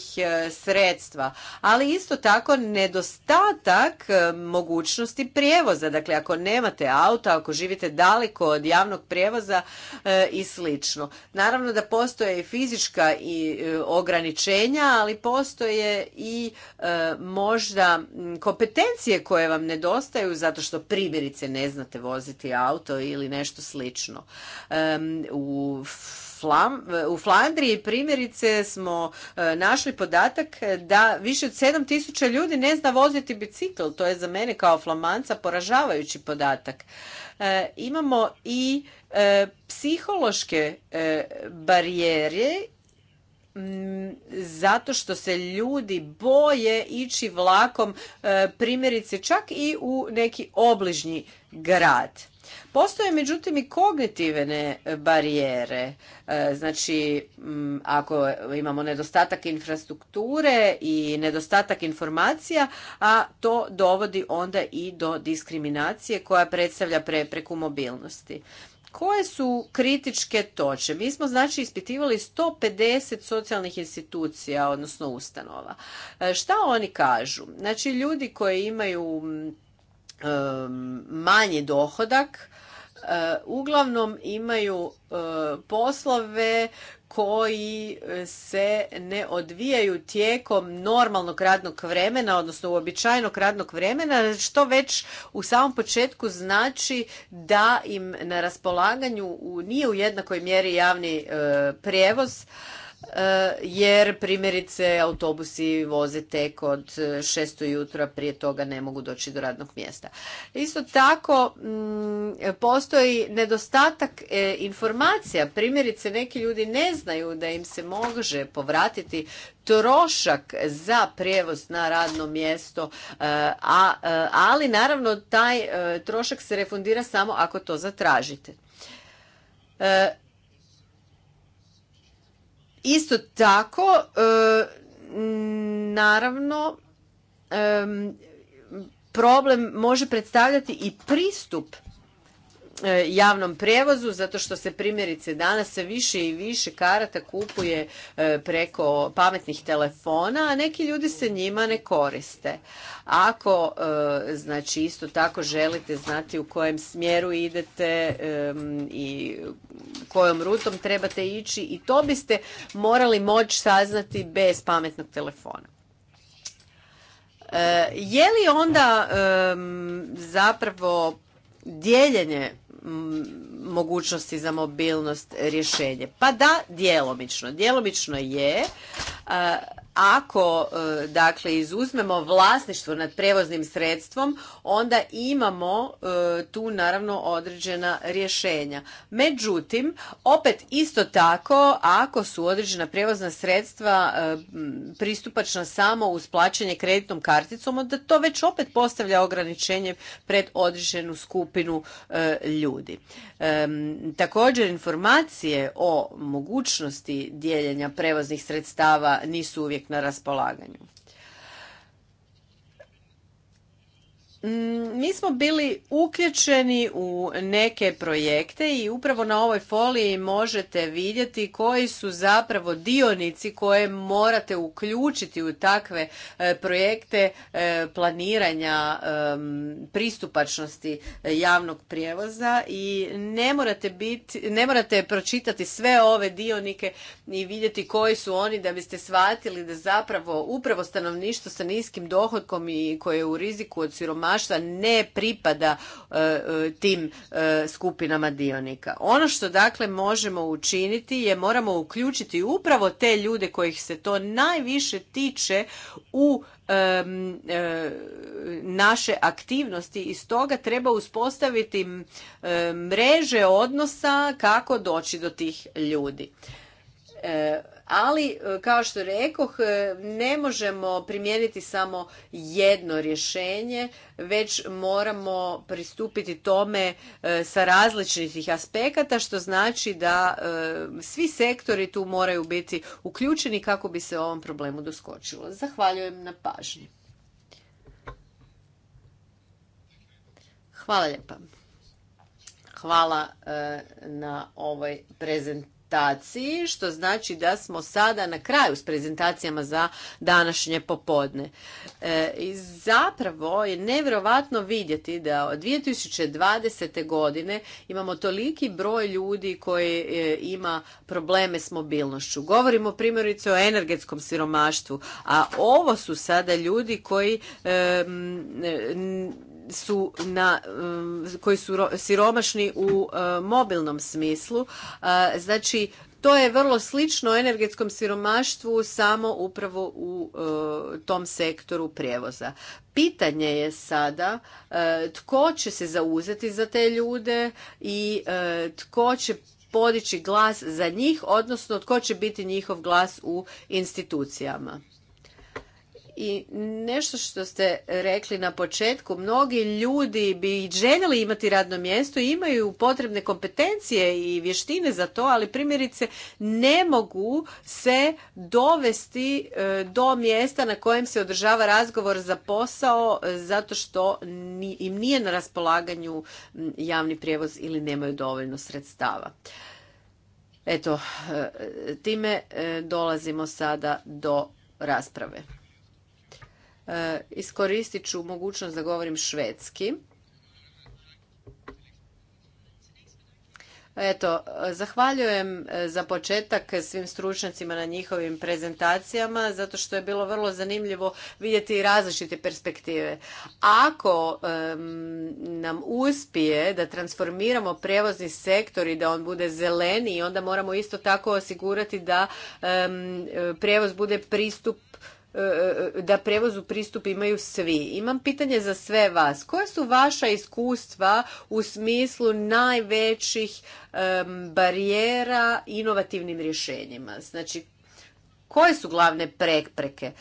sredstva, ali isto tako nedostatak mogućnosti prijevoza. Dakle, ako nemate auto, ako živite daleko od javnog prijevoza e, i slično. Naravno da postoje i fizička i e, ograničenja, ali postoje i e, možda kompetencije koje vam nedostaju zato što primjerice ne znate voziti auto ili nešto slično. U u Flandriji primjerice smo e, našli podatak da više od 7000 ljudi ne zna voziti bicikl. To je za mene kao flamanca poražavajući podatak. E, imamo i e, psihološke barijere zato što se ljudi boje ići vlakom primjerice čak i u neki obližnji grad. Postoje međutim i kognitivne e, barijere. E, znači, ako imamo nedostatak infrastrukture i nedostatak informacija, a to dovodi onda i do diskriminacije koja predstavlja prepreku mobilnosti. Koje su kritičke toče? Mi smo znači ispitivali 150 socijalnih institucija, odnosno ustanova. E, šta oni kažu? Znači ljudi koji imaju manji dohodak e, uglavnom imaju e, poslove koji se ne odvijaju tijekom normalnog radnog vremena, odnosno uobičajenog radnog vremena, što već u samom početku znači da im na raspolaganju nije u jednakoj mjeri javni e, prijevoz Eh, jer primjerice autobusi voze tek od 6. Eh, jutra, prije toga ne mogu doći do radnog mjesta. Isto tako mm, postoji nedostatak eh, informacija, primjerice neki ljudi ne znaju da im se može povratiti trošak za prijevoz na radno mjesto, a, ali naravno taj trošak se refundira samo ako to zatražite. Isto tako, e, naravno, e, problem može predstavljati i pristup E, javnom prijevozu, zato što se primjerice danas sve više i više karata kupuje e, preko pametnih telefona, a neki ljudi se njima ne koriste. Ako, e, znači, isto tako želite znati u kojem smjeru idete i kojom rutom trebate ići i to biste morali moći saznati bez pametnog telefona. Je li onda zapravo dijeljenje mogućnosti za mobilnost rješenje? Pa da, djelomično. Djelomično je, ako e, dakle izuzmemo vlasništvo nad prevoznim sredstvom onda imamo e, tu naravno određena rješenja. Međutim, opet isto tako ako su određena prevozna sredstva e, pristupačna samo uz plaćanje kreditnom karticom onda to već opet postavlja ograničenje pred određenu skupinu ljudi. Također informacije o mogućnosti dijeljenja prevoznih sredstava nisu uvijek na raspolaganju. Mm, mi smo bili uključeni u neke projekte i upravo na ovoj foliji možete vidjeti koji su zapravo dionici koje morate uključiti u takve e, projekte e, planiranja e, pristupačnosti javnog prijevoza i ne morate, biti, ne morate pročitati sve ove dionike i vidjeti koji su oni da biste shvatili da zapravo upravo stanovništvo sa niskim dohodkom i koje je u riziku od siromaštva siromaštva ne pripada e, e, tim e, skupinama dionika. Ono što dakle možemo učiniti je moramo uključiti upravo te ljude kojih se to najviše tiče u naše aktivnosti i stoga treba uspostaviti mreže odnosa kako doći do tih ljudi. E, ali e, kao što rekoh e, ne možemo primijeniti samo jedno rješenje već moramo pristupiti tome sa različitih aspekata što znači da svi sektori tu moraju biti uključeni kako bi se ovom problemu doskočilo. Zahvaljujem na pažnji. Hvala lijepa. Hvala na ovoj prezentaciji prezentaciji, što znači da smo sada na kraju s prezentacijama za današnje popodne. E, I zapravo je nevjerovatno vidjeti da od 2020. godine imamo toliki broj ljudi koji e, ima probleme s mobilnošću. Govorimo primjerice o energetskom siromaštvu, a ovo su sada ljudi koji e, su na, koji su siromašni u mobilnom smislu. E, znači, to je vrlo slično energetskom siromaštvu samo upravo u e, tom sektoru prijevoza. Pitanje je sada e, tko će se zauzeti za te ljude i tko će podići glas za njih, odnosno tko će biti njihov glas u institucijama. I nešto što ste rekli na početku, mnogi ljudi bi željeli imati radno mjesto i imaju potrebne kompetencije i vještine za to, ali primjerice ne mogu se dovesti e, do mjesta na kojem se održava razgovor za posao e, zato što im nije na raspolaganju javni prijevoz ili nemaju dovoljno sredstava. Eto, e, time dolazimo sada do rasprave. E, iskoristit ću mogućnost da govorim švedski. Eto, zahvaljujem e, za početak svim stručnjacima na njihovim prezentacijama, zato što je bilo vrlo zanimljivo vidjeti različite perspektive. Ako nam uspije da transformiramo prevozni sektor i da on bude zeleniji, onda moramo isto tako osigurati da prijevoz bude pristup E, e, da prevozu pristup imaju svi. Imam pitanje za sve vas. Koje su vaša iskustva u smislu najvećih barijera inovativnim rješenjima? Znači, koje su glavne prepreke? E,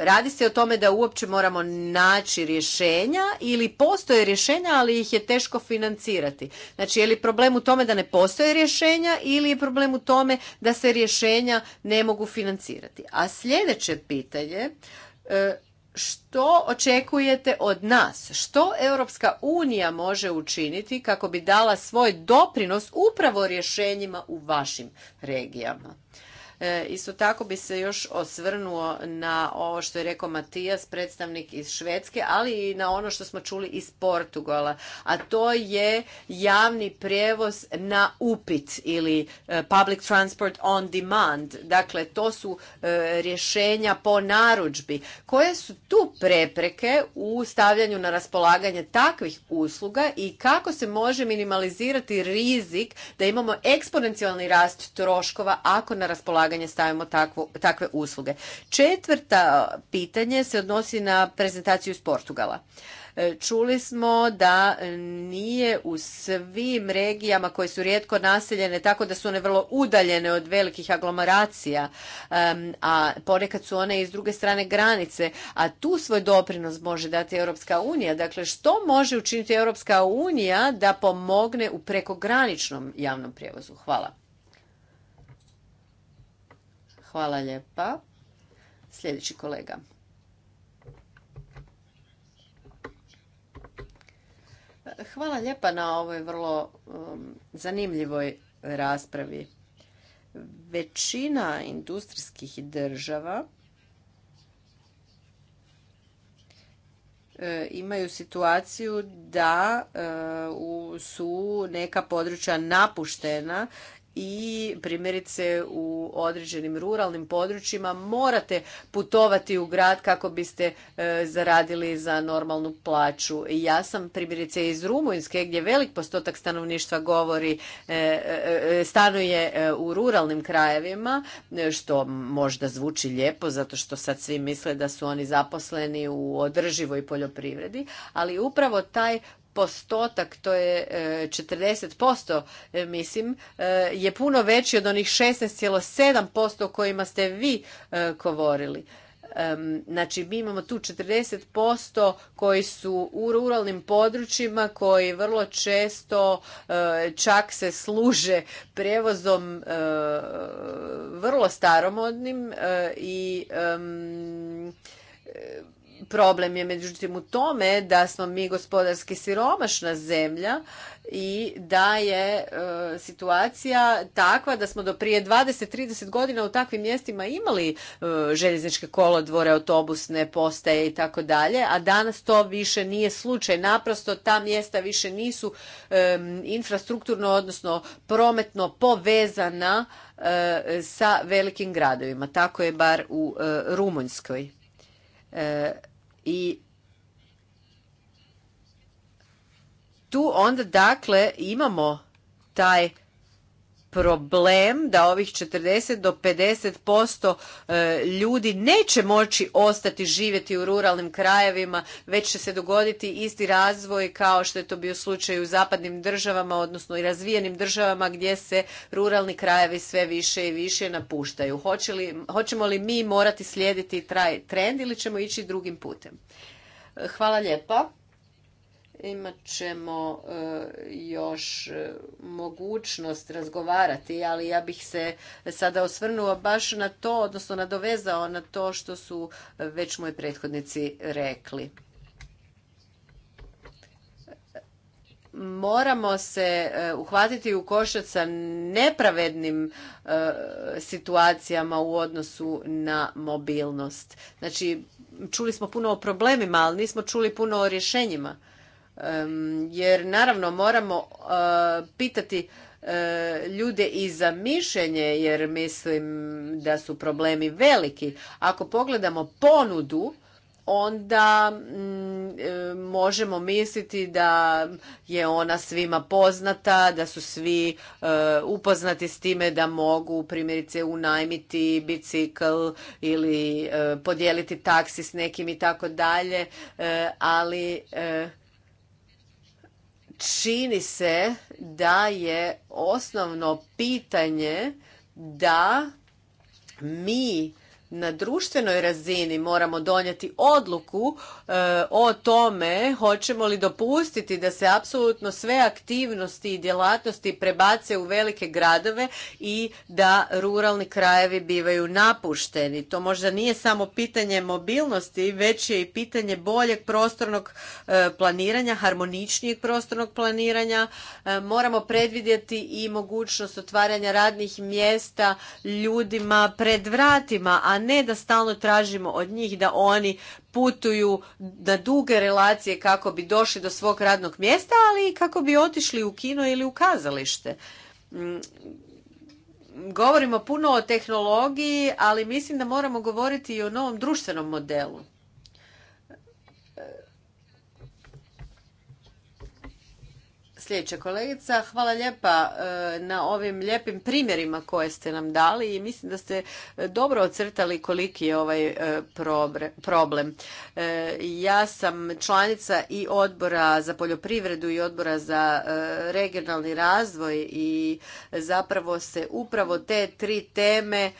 radi se o tome da uopće moramo naći rješenja ili postoje rješenja, ali ih je teško financirati. Znači, je li problem u tome da ne postoje rješenja ili je problem u tome da se rješenja ne mogu financirati? A sljedeće pitanje, e, što očekujete od nas? Što Europska unija može učiniti kako bi dala svoj doprinos upravo rješenjima u vašim regijama? E, isto tako bi se još osvrnuo na ovo što je rekao Matijas, predstavnik iz Švedske, ali i na ono što smo čuli iz Portugala, a to je javni prijevoz na upit ili e, public transport on demand. Dakle, to su e, rješenja po narudžbi. Koje su tu prepreke u stavljanju na raspolaganje takvih usluga i kako se može minimalizirati rizik da imamo eksponencijalni rast troškova ako na raspolaganje raspolaganje stavimo takve usluge. Četvrta pitanje se odnosi na prezentaciju iz Portugala. E, čuli smo da nije u svim regijama koje su rijetko naseljene tako da su one vrlo udaljene od velikih aglomeracija, a ponekad su one iz druge strane granice, a tu svoj doprinos može dati Europska unija. Dakle, što može učiniti Europska unija da pomogne u prekograničnom javnom prijevozu? Hvala. Hvala lijepa. Sljedeći kolega. Hvala lijepa na ovoj vrlo um, zanimljivoj raspravi. Većina industrijskih država e, imaju situaciju da e, su neka područja napuštena i primjerice u određenim ruralnim područjima morate putovati u grad kako biste e, zaradili za normalnu plaću. Ja sam primjerice iz Rumunjske gdje velik postotak stanovništva govori e, e, stanuje u ruralnim krajevima što možda zvuči lijepo zato što sad svi misle da su oni zaposleni u održivoj poljoprivredi, ali upravo taj postotak, to je 40%, e, e, mislim, e, je puno veći od onih 16,7% o kojima ste vi govorili. Znači, mi imamo tu 40% koji su u ruralnim područjima, koji vrlo često čak se služe prevozom vrlo staromodnim i Problem je međutim u tome da smo mi gospodarski siromašna zemlja i da je e, situacija takva da smo do prije 20-30 godina u takvim mjestima imali e, željezničke kolodvore, autobusne postaje i tako dalje, a danas to više nije slučaj. Naprosto ta mjesta više nisu e, infrastrukturno, odnosno prometno povezana e, sa velikim gradovima. Tako je bar u Rumunjskoj i tu onda dakle imamo taj problem da ovih 40 do 50% e, ljudi neće moći ostati živjeti u ruralnim krajevima, već će se dogoditi isti razvoj kao što je to bio slučaj u zapadnim državama, odnosno i razvijenim državama gdje se ruralni krajevi sve više i više napuštaju. Hoće hoćemo li mi morati slijediti taj trend ili ćemo ići drugim putem? Hvala lijepa imat ćemo e, još e, mogućnost razgovarati, ali ja bih se sada osvrnuo baš na to, odnosno nadovezao na to što su već moji prethodnici rekli. moramo se e, uhvatiti u košac sa nepravednim situacijama u odnosu na mobilnost. Znači, čuli smo puno o problemima, ali nismo čuli puno o rješenjima jer naravno moramo e, pitati e, ljude i za mišljenje jer mislim da su problemi veliki. Ako pogledamo ponudu onda mm, e, možemo misliti da je ona svima poznata, da su svi upoznati s time da mogu primjerice unajmiti bicikl ili podijeliti taksi s nekim i tako dalje, ali čini se da je osnovno pitanje da mi na društvenoj razini moramo donijeti odluku e, o tome hoćemo li dopustiti da se apsolutno sve aktivnosti i djelatnosti prebace u velike gradove i da ruralni krajevi bivaju napušteni. To možda nije samo pitanje mobilnosti, već je i pitanje boljeg prostornog e, planiranja, harmoničnijeg prostornog planiranja. E, moramo predvidjeti i mogućnost otvaranja radnih mjesta ljudima pred vratima, a a ne da stalno tražimo od njih da oni putuju na duge relacije kako bi došli do svog radnog mjesta, ali i kako bi otišli u kino ili u kazalište. Mm, govorimo puno o tehnologiji, ali mislim da moramo govoriti i o novom društvenom modelu. Sljedeća kolegica, hvala lijepa e, na ovim lijepim primjerima koje ste nam dali i mislim da ste dobro ocrtali koliki je ovaj e, problem. E, ja sam članica i odbora za poljoprivredu i odbora za regionalni razvoj i zapravo se upravo te tri teme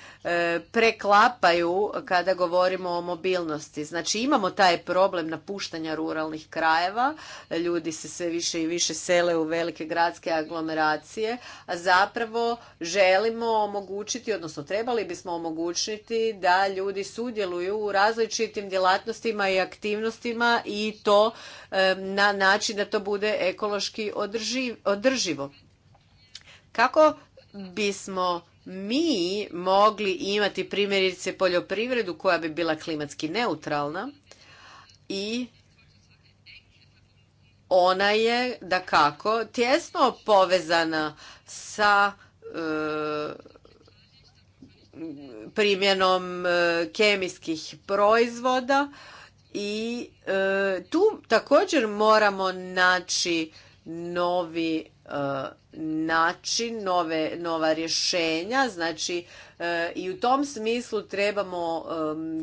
preklapaju kada govorimo o mobilnosti. Znači imamo taj problem napuštanja ruralnih krajeva, ljudi se sve više i više sele u velike gradske aglomeracije, a zapravo želimo omogućiti, odnosno trebali bismo omogućiti da ljudi sudjeluju u različitim djelatnostima i aktivnostima i to na način da to bude ekološki održivo. Kako bismo mi mogli imati primjerice poljoprivredu koja bi bila klimatski neutralna i ona je da kako tjesno povezana sa e, primjenom e, kemijskih proizvoda i e, tu također moramo naći novi način, nove, nova rješenja, znači e, i u tom smislu trebamo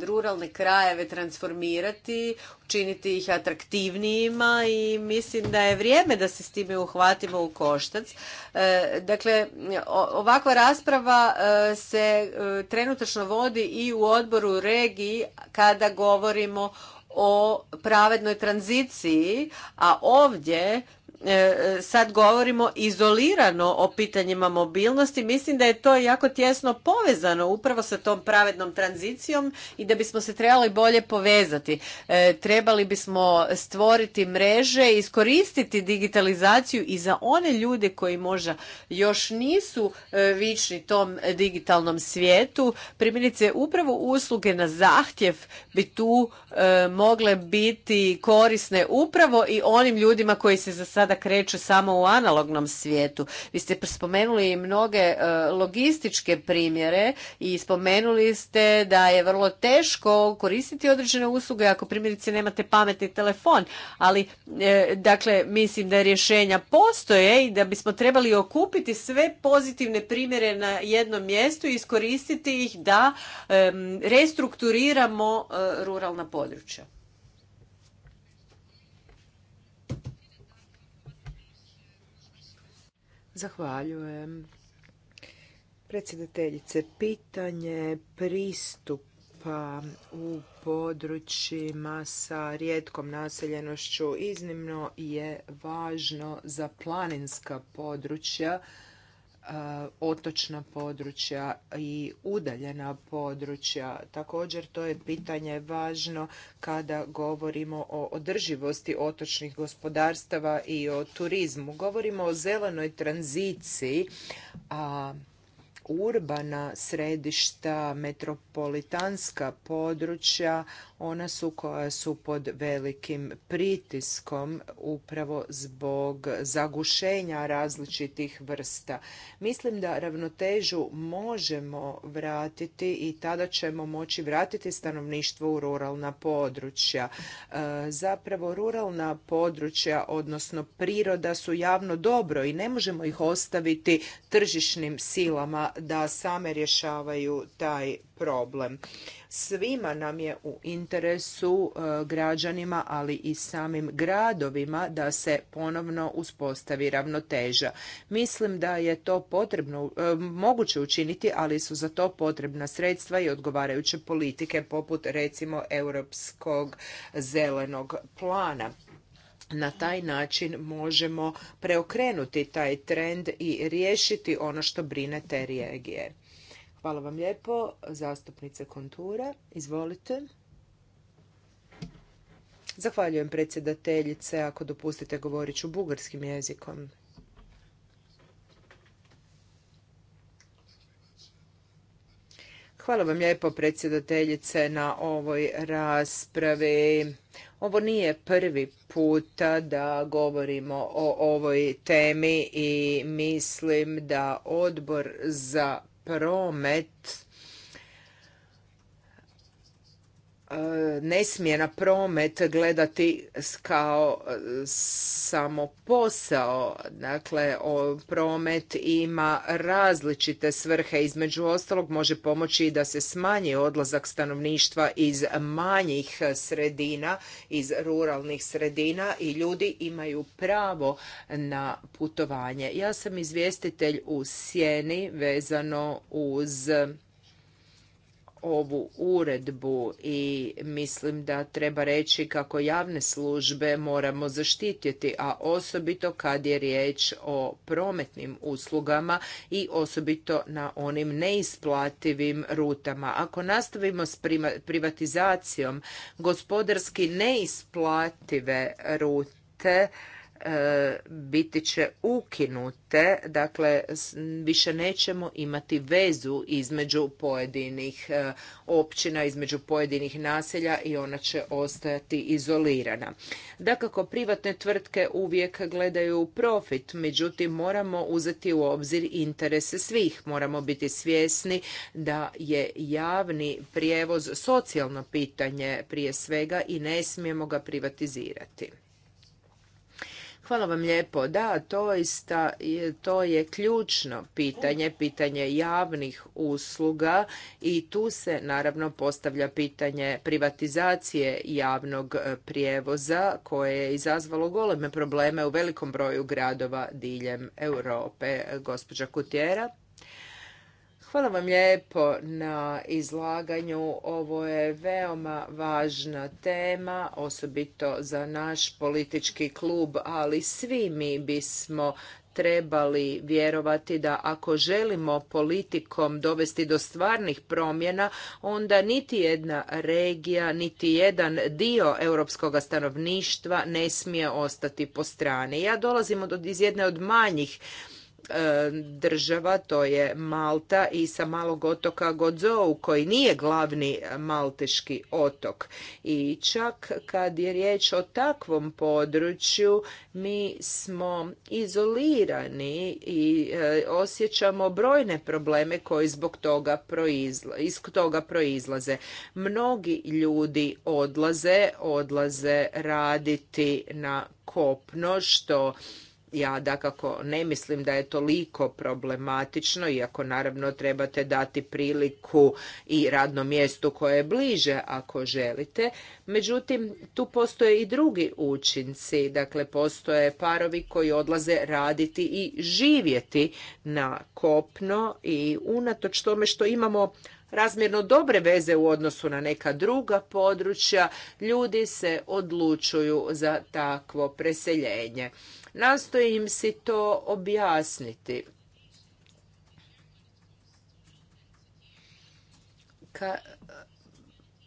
ruralne krajeve transformirati, učiniti ih atraktivnijima i mislim da je vrijeme da se s time uhvatimo u koštac. E, dakle, ovakva rasprava e, se trenutačno vodi i u odboru regiji kada govorimo o pravednoj tranziciji, a ovdje E, sad govorimo izolirano o pitanjima mobilnosti, mislim da je to jako tjesno povezano upravo sa tom pravednom tranzicijom i da bismo se trebali bolje povezati. E, trebali bismo stvoriti mreže, iskoristiti digitalizaciju i za one ljude koji možda još nisu e, vični tom digitalnom svijetu. Primjerice, upravo usluge na zahtjev bi tu mogle biti korisne upravo i onim ljudima koji se za sada sada kreću samo u analognom svijetu. Vi ste spomenuli i mnoge e, logističke primjere i spomenuli ste da je vrlo teško koristiti određene usluge ako primjerice nemate pametni telefon, ali e, dakle mislim da rješenja postoje i da bismo trebali okupiti sve pozitivne primjere na jednom mjestu i iskoristiti ih da restrukturiramo e, ruralna područja. Zahvaljujem. Predsjedateljice, pitanje pristupa u područjima sa rijetkom naseljenošću iznimno je važno za planinska područja E, otočna područja i udaljena područja. Također to je pitanje važno kada govorimo o održivosti otočnih gospodarstava i o turizmu. Govorimo o zelenoj tranziciji, a urbana središta, metropolitanska područja, ona su koja su pod velikim pritiskom upravo zbog zagušenja različitih vrsta. Mislim da ravnotežu možemo vratiti i tada ćemo moći vratiti stanovništvo u ruralna područja. E, zapravo ruralna područja, odnosno priroda su javno dobro i ne možemo ih ostaviti tržišnim silama da same rješavaju taj problem. Svima nam je u interesu e, građanima, ali i samim gradovima da se ponovno uspostavi ravnoteža. Mislim da je to potrebno, e, moguće učiniti, ali su za to potrebna sredstva i odgovarajuće politike poput recimo europskog zelenog plana na taj način možemo preokrenuti taj trend i riješiti ono što brine te regije. Hvala vam lijepo. zastupnice Kontura, izvolite. Zahvaljujem predsjedateljice, ako dopustite govorit ću bugarskim jezikom. Hvala vam lijepo predsjedateljice na ovoj raspravi. Ovo nije prvi puta da govorimo o ovoj temi i mislim da odbor za promet E, ne smije na promet gledati kao e, samo posao. Dakle, promet ima različite svrhe. Između ostalog može pomoći da se smanji odlazak stanovništva iz manjih sredina, iz ruralnih sredina i ljudi imaju pravo na putovanje. Ja sam izvjestitelj u Sjeni vezano uz ovu uredbu i mislim da treba reći kako javne službe moramo zaštititi, a osobito kad je riječ o prometnim uslugama i osobito na onim neisplativim rutama. Ako nastavimo s privatizacijom gospodarski neisplative rute, E, biti će ukinute, dakle više nećemo imati vezu između pojedinih e, općina, između pojedinih naselja i ona će ostajati izolirana. Dakako, privatne tvrtke uvijek gledaju profit, međutim moramo uzeti u obzir interese svih. Moramo biti svjesni da je javni prijevoz socijalno pitanje prije svega i ne smijemo ga privatizirati. Hvala vam lijepo. Da, to je ključno pitanje, pitanje javnih usluga i tu se naravno postavlja pitanje privatizacije javnog e, prijevoza koje je izazvalo goleme probleme u velikom broju gradova diljem Europe. E, gospođa Kutjera. Hvala vam lijepo na izlaganju. Ovo je veoma važna tema, osobito za naš politički klub, ali svi mi bismo trebali vjerovati da ako želimo politikom dovesti do stvarnih promjena, onda niti jedna regija, niti jedan dio europskog stanovništva ne smije ostati po strani. Ja dolazim iz jedne od manjih E, država, to je Malta i sa malog otoka Godzou koji nije glavni malteški otok. I čak kad je riječ o takvom području mi smo izolirani i e, osjećamo brojne probleme koji zbog toga iz toga proizlaze. Mnogi ljudi odlaze, odlaze raditi na kopno što ja dakako ne mislim da je toliko problematično, iako naravno trebate dati priliku i radno mjestu koje je bliže ako želite. Međutim, tu postoje i drugi učinci, dakle postoje parovi koji odlaze raditi i živjeti na kopno i unatoč tome što imamo razmjerno dobre veze u odnosu na neka druga područja, ljudi se odlučuju za takvo preseljenje. Nastojim si to objasniti.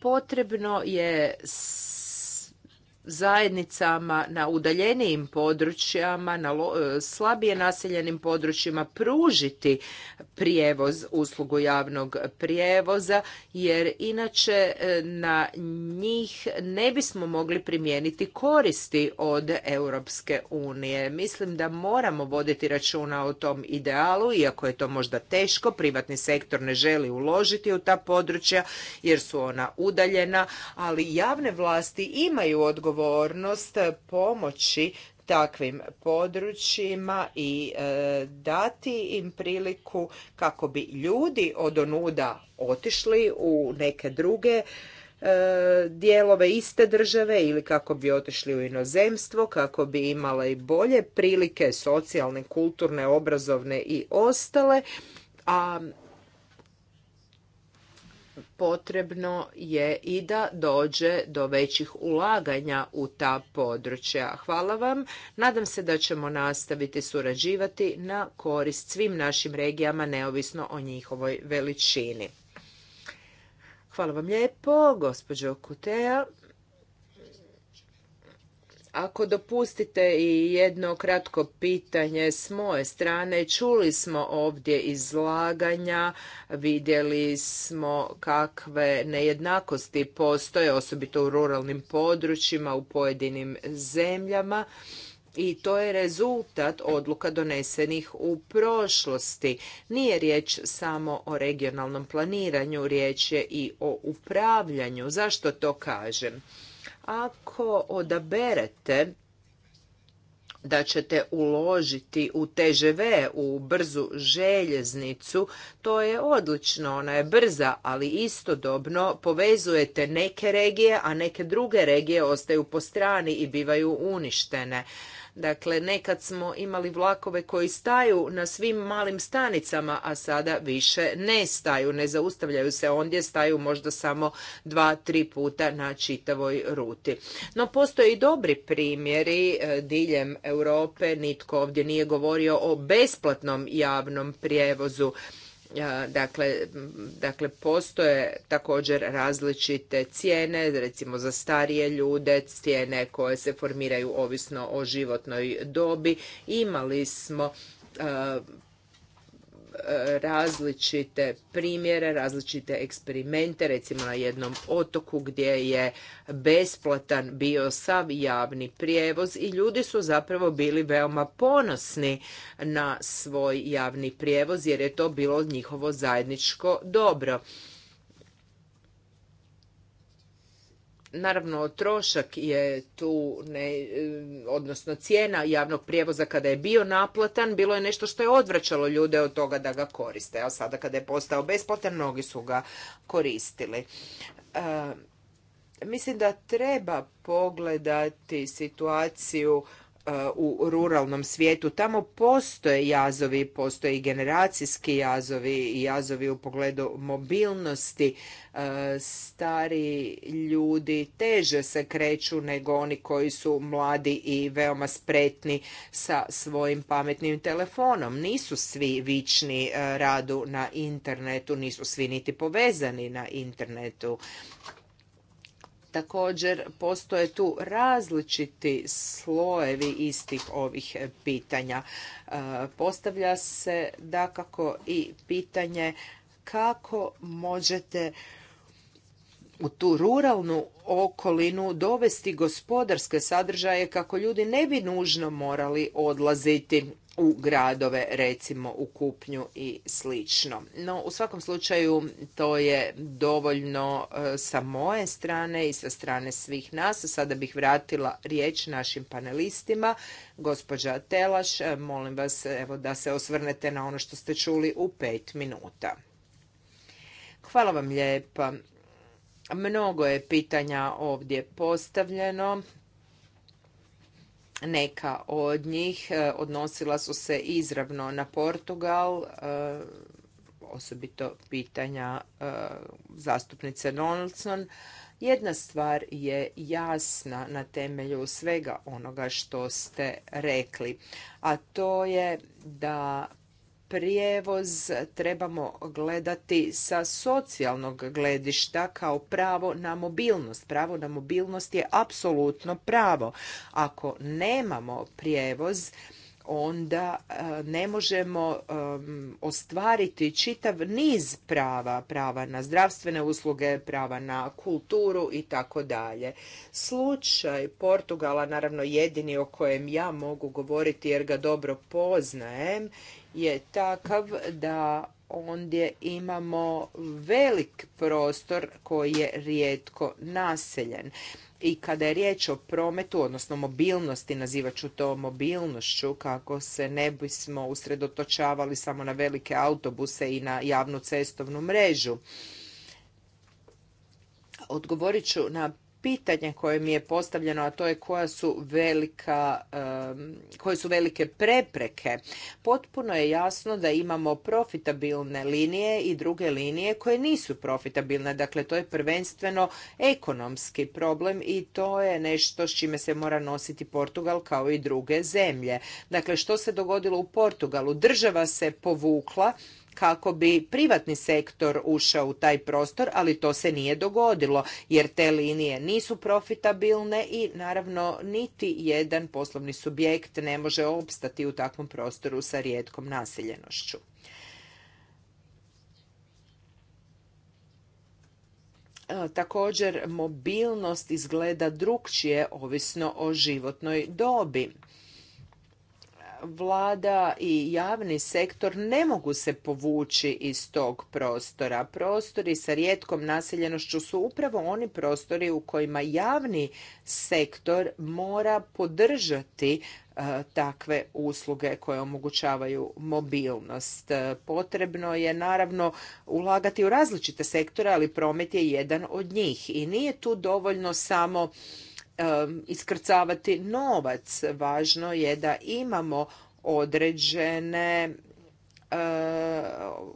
potrebno je zajednicama na udaljenijim područjama, na e, slabije naseljenim područjima pružiti prijevoz, uslugu javnog prijevoza, jer inače e, na njih ne bismo mogli primijeniti koristi od Europske unije. Mislim da moramo voditi računa o tom idealu, iako je to možda teško, privatni sektor ne želi uložiti u ta područja jer su ona udaljena, ali javne vlasti imaju odgovor odgovornost pomoći takvim područjima i e, dati im priliku kako bi ljudi od onuda otišli u neke druge e, dijelove iste države ili kako bi otišli u inozemstvo, kako bi i bolje prilike socijalne, kulturne, obrazovne i ostale, a potrebno je i da dođe do većih ulaganja u ta područja. Hvala vam. Nadam se da ćemo nastaviti surađivati na korist svim našim regijama neovisno o njihovoj veličini. Hvala vam lijepo, gospođo Kuteja. Ako dopustite i jedno kratko pitanje s moje strane, čuli smo ovdje izlaganja, vidjeli smo kakve nejednakosti postoje, osobito u ruralnim područjima, u pojedinim zemljama i to je rezultat odluka donesenih u prošlosti. Nije riječ samo o regionalnom planiranju, riječ je i o upravljanju. Zašto to kažem? Ako odaberete da ćete uložiti u TŽV, u brzu željeznicu, to je odlično, ona je brza, ali istodobno povezujete neke regije, a neke druge regije ostaju po strani i bivaju uništene. Dakle, nekad smo imali vlakove koji staju na svim malim stanicama, a sada više ne staju, ne zaustavljaju se ondje, staju možda samo dva, tri puta na čitavoj ruti. No, postoje i dobri primjeri e, diljem Europe, nitko ovdje nije govorio o besplatnom javnom prijevozu. Dakle, dakle, postoje također različite cijene, recimo za starije ljude, cijene koje se formiraju ovisno o životnoj dobi. Imali smo različite primjere, različite eksperimente, recimo na jednom otoku gdje je besplatan bio sav javni prijevoz i ljudi su zapravo bili veoma ponosni na svoj javni prijevoz jer je to bilo njihovo zajedničko dobro. Naravno, trošak je tu, ne, e, odnosno cijena javnog prijevoza kada je bio naplatan, bilo je nešto što je odvraćalo ljude od toga da ga koriste. A sada kada je postao besplatan, mnogi su ga koristili. E, mislim da treba pogledati situaciju E, u ruralnom svijetu. Tamo postoje jazovi, postoje i generacijski jazovi i jazovi u pogledu mobilnosti. E, stari ljudi teže se kreću nego oni koji su mladi i veoma spretni sa svojim pametnim telefonom. Nisu svi vični e, radu na internetu, nisu svi niti povezani na internetu. Također postoje tu različiti slojevi istih ovih pitanja. E, postavlja se dakako i pitanje kako možete u tu ruralnu okolinu dovesti gospodarske sadržaje kako ljudi ne bi nužno morali odlaziti u gradove, recimo u kupnju i slično. No, u svakom slučaju to je dovoljno e, sa moje strane i sa strane svih nas. Sada bih vratila riječ našim panelistima. Gospođa Telaš, e, molim vas evo, da se osvrnete na ono što ste čuli u pet minuta. Hvala vam lijepa. Mnogo je pitanja ovdje postavljeno. Neka od njih e, odnosila su se izravno na Portugal, e, osobito pitanja e, zastupnice Donaldson. Jedna stvar je jasna na temelju svega onoga što ste rekli, a to je da prijevoz trebamo gledati sa socijalnog gledišta kao pravo na mobilnost. Pravo na mobilnost je apsolutno pravo. Ako nemamo prijevoz, onda e, ne možemo ostvariti čitav niz prava, prava na zdravstvene usluge, prava na kulturu i tako dalje. Slučaj Portugala, naravno jedini o kojem ja mogu govoriti jer ga dobro poznajem, je takav da ondje imamo velik prostor koji je rijetko naseljen. I kada je riječ o prometu, odnosno mobilnosti, nazivat ću to mobilnošću, kako se ne bismo usredotočavali samo na velike autobuse i na javnu cestovnu mrežu. Odgovorit ću na pitanje koje mi je postavljeno, a to je koja su velika, koje su velike prepreke. Potpuno je jasno da imamo profitabilne linije i druge linije koje nisu profitabilne. Dakle, to je prvenstveno ekonomski problem i to je nešto s čime se mora nositi Portugal kao i druge zemlje. Dakle, što se dogodilo u Portugalu? Država se povukla kako bi privatni sektor ušao u taj prostor, ali to se nije dogodilo jer te linije nisu profitabilne i naravno niti jedan poslovni subjekt ne može opstati u takvom prostoru sa rijetkom naseljenošću. E, također mobilnost izgleda drukčije ovisno o životnoj dobi vlada i javni sektor ne mogu se povući iz tog prostora. Prostori sa rijetkom naseljenošću su upravo oni prostori u kojima javni sektor mora podržati e, takve usluge koje omogućavaju mobilnost. E, potrebno je naravno ulagati u različite sektore, ali promet je jedan od njih i nije tu dovoljno samo iskrcavati novac. Važno je da imamo određene E,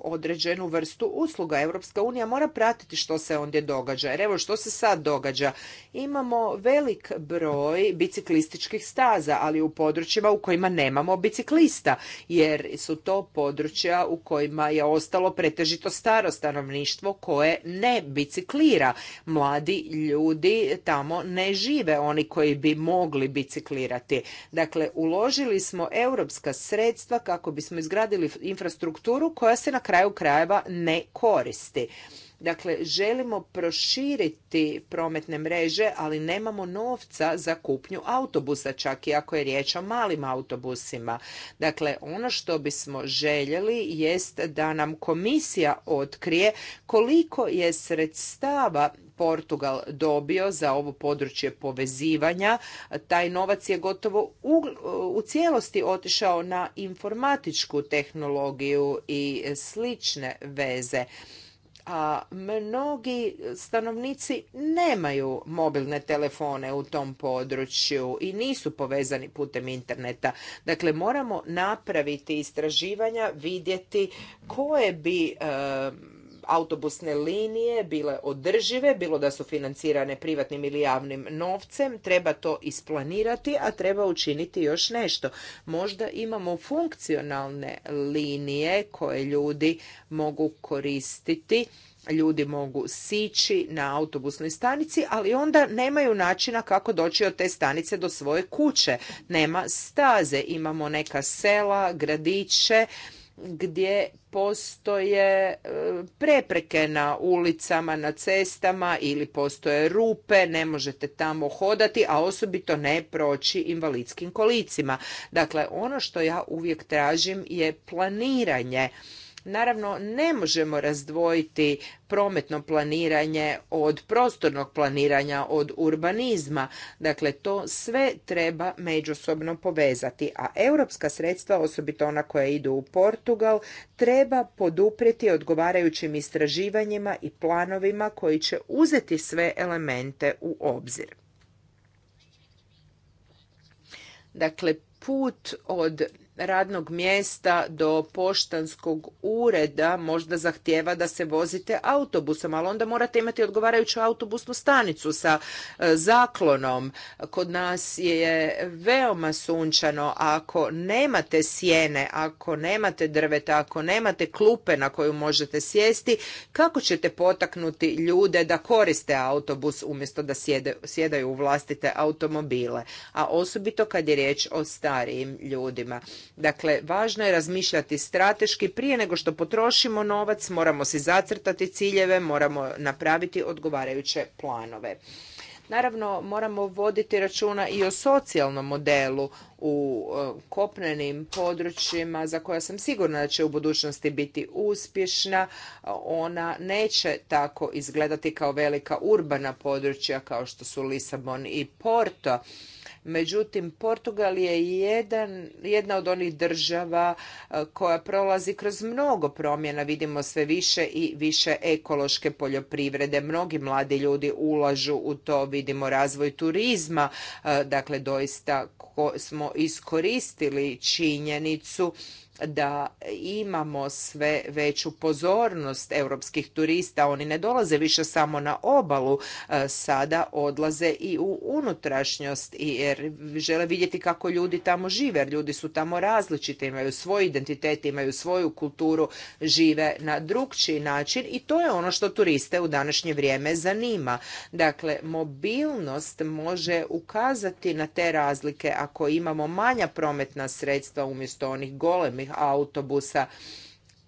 određenu vrstu usluga. Europska unija mora pratiti što se ondje događa. Jer evo što se sad događa. Imamo velik broj biciklističkih staza, ali u područjima u kojima nemamo biciklista, jer su to područja u kojima je ostalo pretežito staro stanovništvo koje ne biciklira. Mladi ljudi tamo ne žive, oni koji bi mogli biciklirati. Dakle, uložili smo europska sredstva kako bismo izgradili infrastrukturu strukturu koja se na kraju krajeva ne koristi. Dakle, želimo proširiti prometne mreže, ali nemamo novca za kupnju autobusa, čak i ako je riječ o malim autobusima. Dakle, ono što bismo željeli jest da nam komisija otkrije koliko je sredstava Portugal dobio za ovo područje povezivanja. Taj novac je gotovo u, u cijelosti otišao na informatičku tehnologiju i slične veze a mnogi stanovnici nemaju mobilne telefone u tom području i nisu povezani putem interneta. Dakle, moramo napraviti istraživanja, vidjeti koje bi autobusne linije bile održive, bilo da su financirane privatnim ili javnim novcem, treba to isplanirati, a treba učiniti još nešto. Možda imamo funkcionalne linije koje ljudi mogu koristiti ljudi mogu sići na autobusnoj stanici, ali onda nemaju načina kako doći od te stanice do svoje kuće. Nema staze, imamo neka sela, gradiće gdje postoje e, prepreke na ulicama, na cestama ili postoje rupe, ne možete tamo hodati, a osobito ne proći invalidskim kolicima. Dakle, ono što ja uvijek tražim je planiranje Naravno, ne možemo razdvojiti prometno planiranje od prostornog planiranja, od urbanizma. Dakle, to sve treba međusobno povezati. A europska sredstva, osobito ona koja idu u Portugal, treba poduprijeti odgovarajućim istraživanjima i planovima koji će uzeti sve elemente u obzir. Dakle, put od radnog mjesta do poštanskog ureda možda zahtjeva da se vozite autobusom, ali onda morate imati odgovarajuću autobusnu stanicu sa e, zaklonom. Kod nas je veoma sunčano, ako nemate sjene, ako nemate drveta, ako nemate klupe na koju možete sjesti, kako ćete potaknuti ljude da koriste autobus umjesto da sjedaju u vlastite automobile, a osobito kad je riječ o starijim ljudima. Dakle, važno je razmišljati strateški. Prije nego što potrošimo novac, moramo si zacrtati ciljeve, moramo napraviti odgovarajuće planove. Naravno, moramo voditi računa i o socijalnom modelu u e, kopnenim područjima za koja sam sigurna da će u budućnosti biti uspješna. Ona neće tako izgledati kao velika urbana područja kao što su Lisabon i Porto Međutim, Portugal je jedan, jedna od onih država e, koja prolazi kroz mnogo promjena. Vidimo sve više i više ekološke poljoprivrede. Mnogi mladi ljudi ulažu u to. Vidimo razvoj turizma. E, dakle, doista smo iskoristili činjenicu da imamo sve veću pozornost europskih turista. Oni ne dolaze više samo na obalu, e, sada odlaze i u unutrašnjost jer žele vidjeti kako ljudi tamo žive. Jer ljudi su tamo različiti, imaju svoj identitet, imaju svoju kulturu, žive na drugčiji način i to je ono što turiste u današnje vrijeme zanima. Dakle, mobilnost može ukazati na te razlike ako imamo manja prometna sredstva umjesto onih golemih autobusa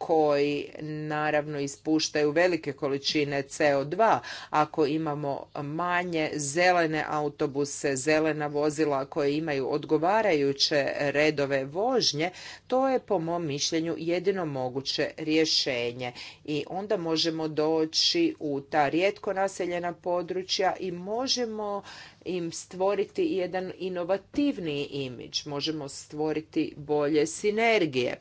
koji naravno ispuštaju velike količine CO2. Ako imamo manje zelene autobuse, zelena vozila koje imaju odgovarajuće redove vožnje, to je po mom mišljenju jedino moguće rješenje. I onda možemo doći u ta rijetko naseljena područja i možemo im stvoriti jedan inovativniji imidž, možemo stvoriti bolje sinergije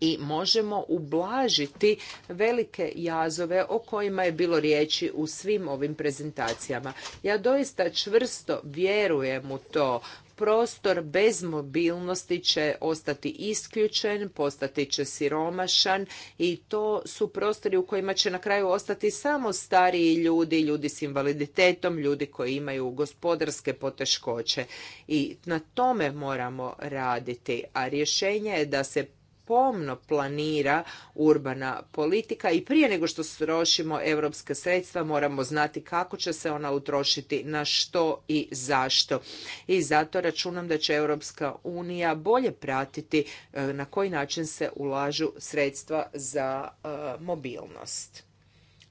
i možemo ublažiti velike jazove o kojima je bilo riječi u svim ovim prezentacijama. Ja doista čvrsto vjerujem u to prostor bez mobilnosti će ostati isključen, postati će siromašan i to su prostori u kojima će na kraju ostati samo stariji ljudi, ljudi s invaliditetom, ljudi koji imaju gospodarske poteškoće i na tome moramo raditi, a rješenje je da se pomno planira urbana politika i prije nego što strošimo europska sredstva moramo znati kako će se ona utrošiti, na što i zašto. I zato računam da će Europska unija bolje pratiti e, na koji način se ulažu sredstva za e, mobilnost.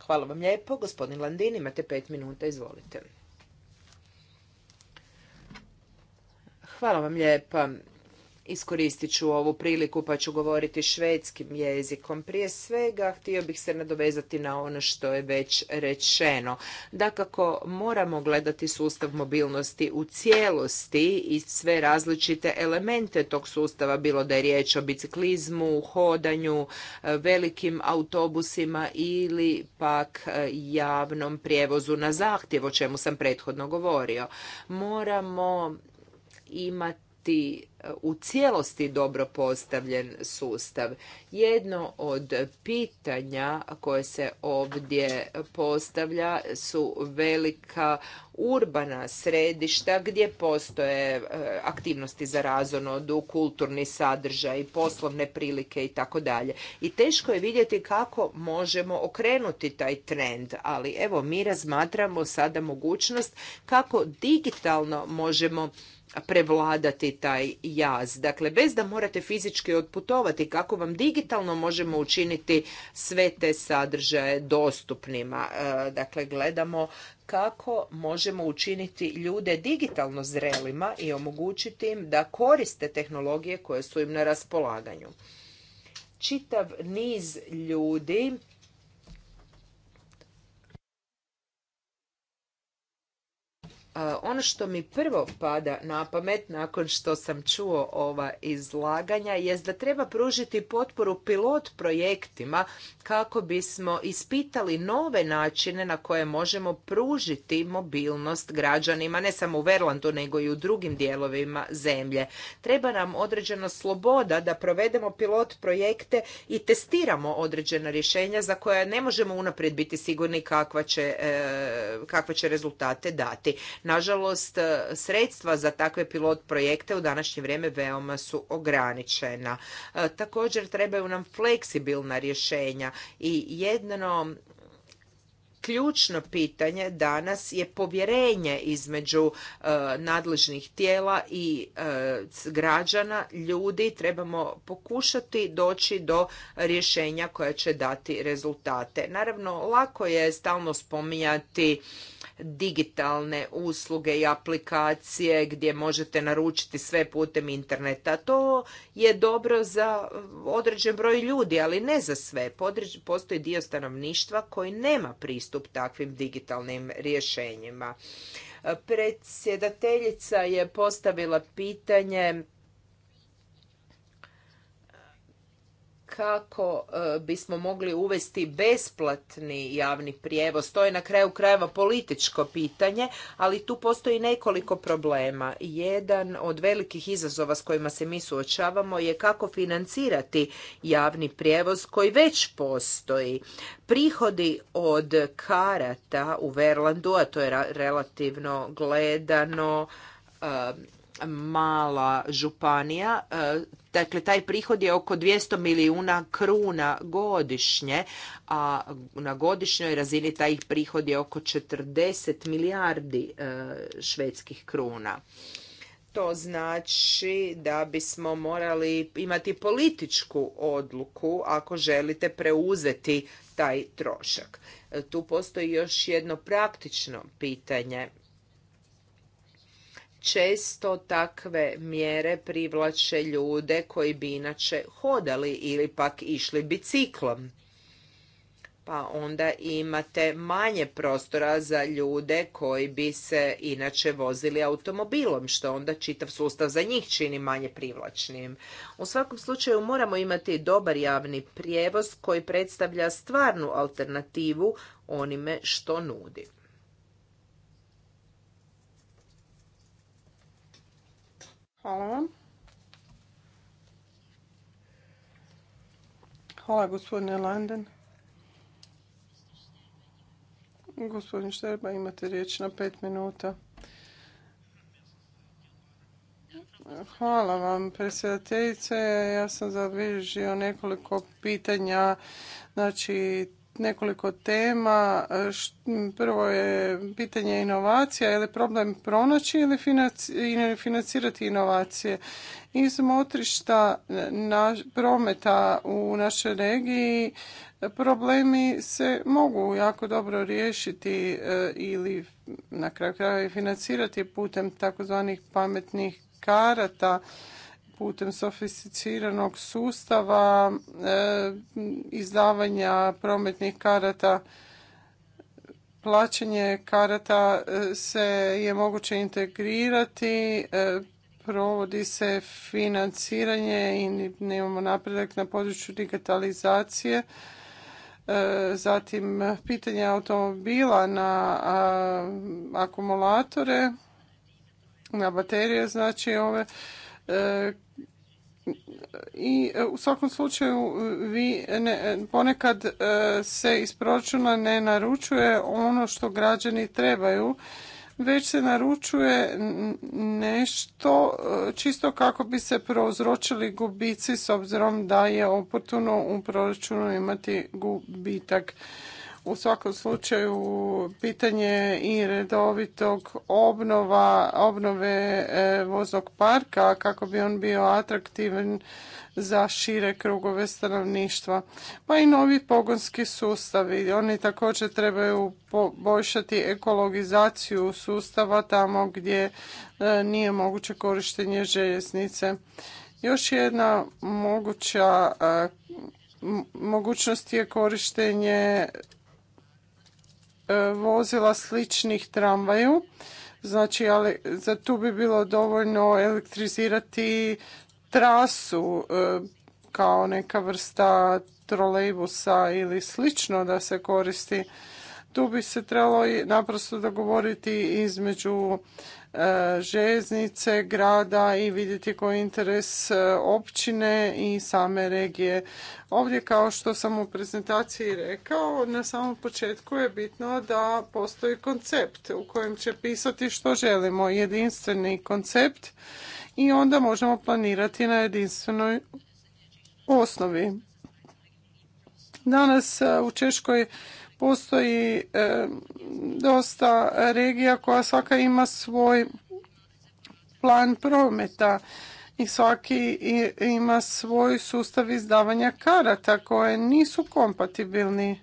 Hvala vam lijepo. Gospodin Landin, imate pet minuta, izvolite. Hvala vam lijepa. Iskoristit ću ovu priliku pa ću govoriti švedskim jezikom. Prije svega htio bih se nadovezati na ono što je već rečeno. Dakako, moramo gledati sustav mobilnosti u cijelosti i sve različite elemente tog sustava, bilo da je riječ o biciklizmu, hodanju, velikim autobusima ili pak e, javnom prijevozu na zahtjev, o čemu sam prethodno govorio. Moramo imati E, u cijelosti dobro postavljen sustav. Jedno od pitanja koje se ovdje postavlja su velika urbana središta gdje postoje e, aktivnosti za razonodu, kulturni sadržaj, poslovne prilike i tako dalje. I teško je vidjeti kako možemo okrenuti taj trend, ali evo mi razmatramo sada mogućnost kako digitalno možemo prevladati taj jaz. Dakle, bez da morate fizički otputovati, kako vam digitalno možemo učiniti sve te sadržaje dostupnima. E, dakle, gledamo kako možemo učiniti ljude digitalno zrelima i omogućiti im da koriste tehnologije koje su im na raspolaganju. Čitav niz ljudi Ono što mi prvo pada na pamet nakon što sam čuo ova izlaganja jest da treba pružiti potporu pilot projektima kako bismo ispitali nove načine na koje možemo pružiti mobilnost građanima ne samo u Verlandu nego i u drugim dijelovima zemlje. Treba nam određena sloboda da provedemo pilot projekte i testiramo određena rješenja za koja ne možemo unaprijed biti sigurni kakva e, kakva će rezultate dati. Nažalost, e, sredstva za takve pilot projekte u današnje vrijeme veoma su ograničena. E, također trebaju nam fleksibilna rješenja i jedno ključno pitanje danas je povjerenje između e, nadležnih tijela i građana, ljudi. Trebamo pokušati doći do rješenja koja će dati rezultate. Naravno, lako je stalno spominjati digitalne usluge i aplikacije gdje možete naručiti sve putem interneta. To je dobro za određen broj ljudi, ali ne za sve. Postoji dio stanovništva koji nema pristup takvim digitalnim rješenjima. Predsjedateljica je postavila pitanje kako e, bismo mogli uvesti besplatni javni prijevoz. To je na kraju krajeva političko pitanje, ali tu postoji nekoliko problema. Jedan od velikih izazova s kojima se mi suočavamo je kako financirati javni prijevoz koji već postoji. Prihodi od karata u Verlandu, a to je relativno gledano e, mala županija. E, dakle, taj prihod je oko 200 milijuna kruna godišnje, a na godišnjoj razini taj prihod je oko 40 milijardi e, švedskih kruna. To znači da bismo morali imati političku odluku ako želite preuzeti taj trošak. E, tu postoji još jedno praktično pitanje često takve mjere privlače ljude koji bi inače hodali ili pak išli biciklom pa onda imate manje prostora za ljude koji bi se inače vozili automobilom, što onda čitav sustav za njih čini manje privlačnim. U svakom slučaju moramo imati dobar javni prijevoz koji predstavlja stvarnu alternativu onime što nudi. Hvala vam. Hvala gospodine Landen. Gospodin Šterba, imate riječ na pet minuta. Hvala vam, predsjedateljice. Ja sam zabilježio nekoliko pitanja, znači nekoliko tema. E, prvo je pitanje inovacija, je li problem pronaći ili financirati inovacije. Iz motrišta e, prometa u našoj regiji problemi se mogu jako dobro riješiti e, ili na kraju krajeva i financirati putem takozvanih pametnih karata putem sofisticiranog sustava e, izdavanja prometnih karata plaćanje karata e, se je moguće integrirati, e, provodi se financiranje i imamo napredak na području digitalizacije. Zatim pitanje automobila na akumulatore, na baterije znači ove i e, u svakom slučaju e, vi e, ponekad se iz proračuna ne naručuje ono što građani trebaju već se naručuje nešto čisto kako bi se prouzročili gubici s obzirom da je oportuno u proračunu imati gubitak u svakom slučaju pitanje i redovitog obnova, obnove e, voznog parka kako bi on bio atraktivan za šire krugove stanovništva. Pa i novi pogonski sustavi. Oni također trebaju poboljšati ekologizaciju sustava tamo gdje e, nije moguće korištenje željeznice. Još jedna moguća e, mogućnost je korištenje E, vozila sličnih tramvaju. Znači, ali za tu bi bilo dovoljno elektrizirati trasu e, kao neka vrsta trolejbusa ili slično da se koristi tu bi se trebalo naprosto dogovoriti između e, željeznice, grada i vidjeti koji je interes e, općine i same regije. Ovdje kao što sam u prezentaciji rekao, na samom početku je bitno da postoji koncept u kojem će pisati što želimo, jedinstveni koncept i onda možemo planirati na jedinstvenoj osnovi. Danas e, u Češkoj Postoji e, dosta regija koja svaka ima svoj plan prometa i svaki ima svoj sustav izdavanja karata koje nisu kompatibilni.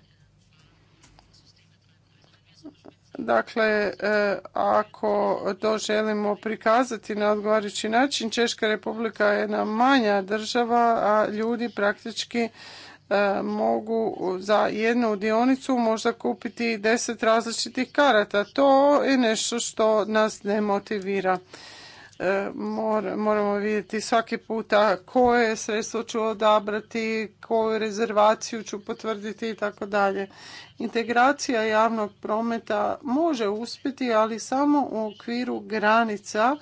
Dakle, e, ako to želimo prikazati na odgovarajući način, Češka republika je jedna manja država, a ljudi praktički E, mogu za jednu dionicu možda kupiti deset različitih karata. To je nešto što nas ne motivira. E, moramo vidjeti svaki puta koje sredstvo ću odabrati, koju rezervaciju ću potvrditi i tako dalje. Integracija javnog prometa može uspjeti, ali samo u okviru granica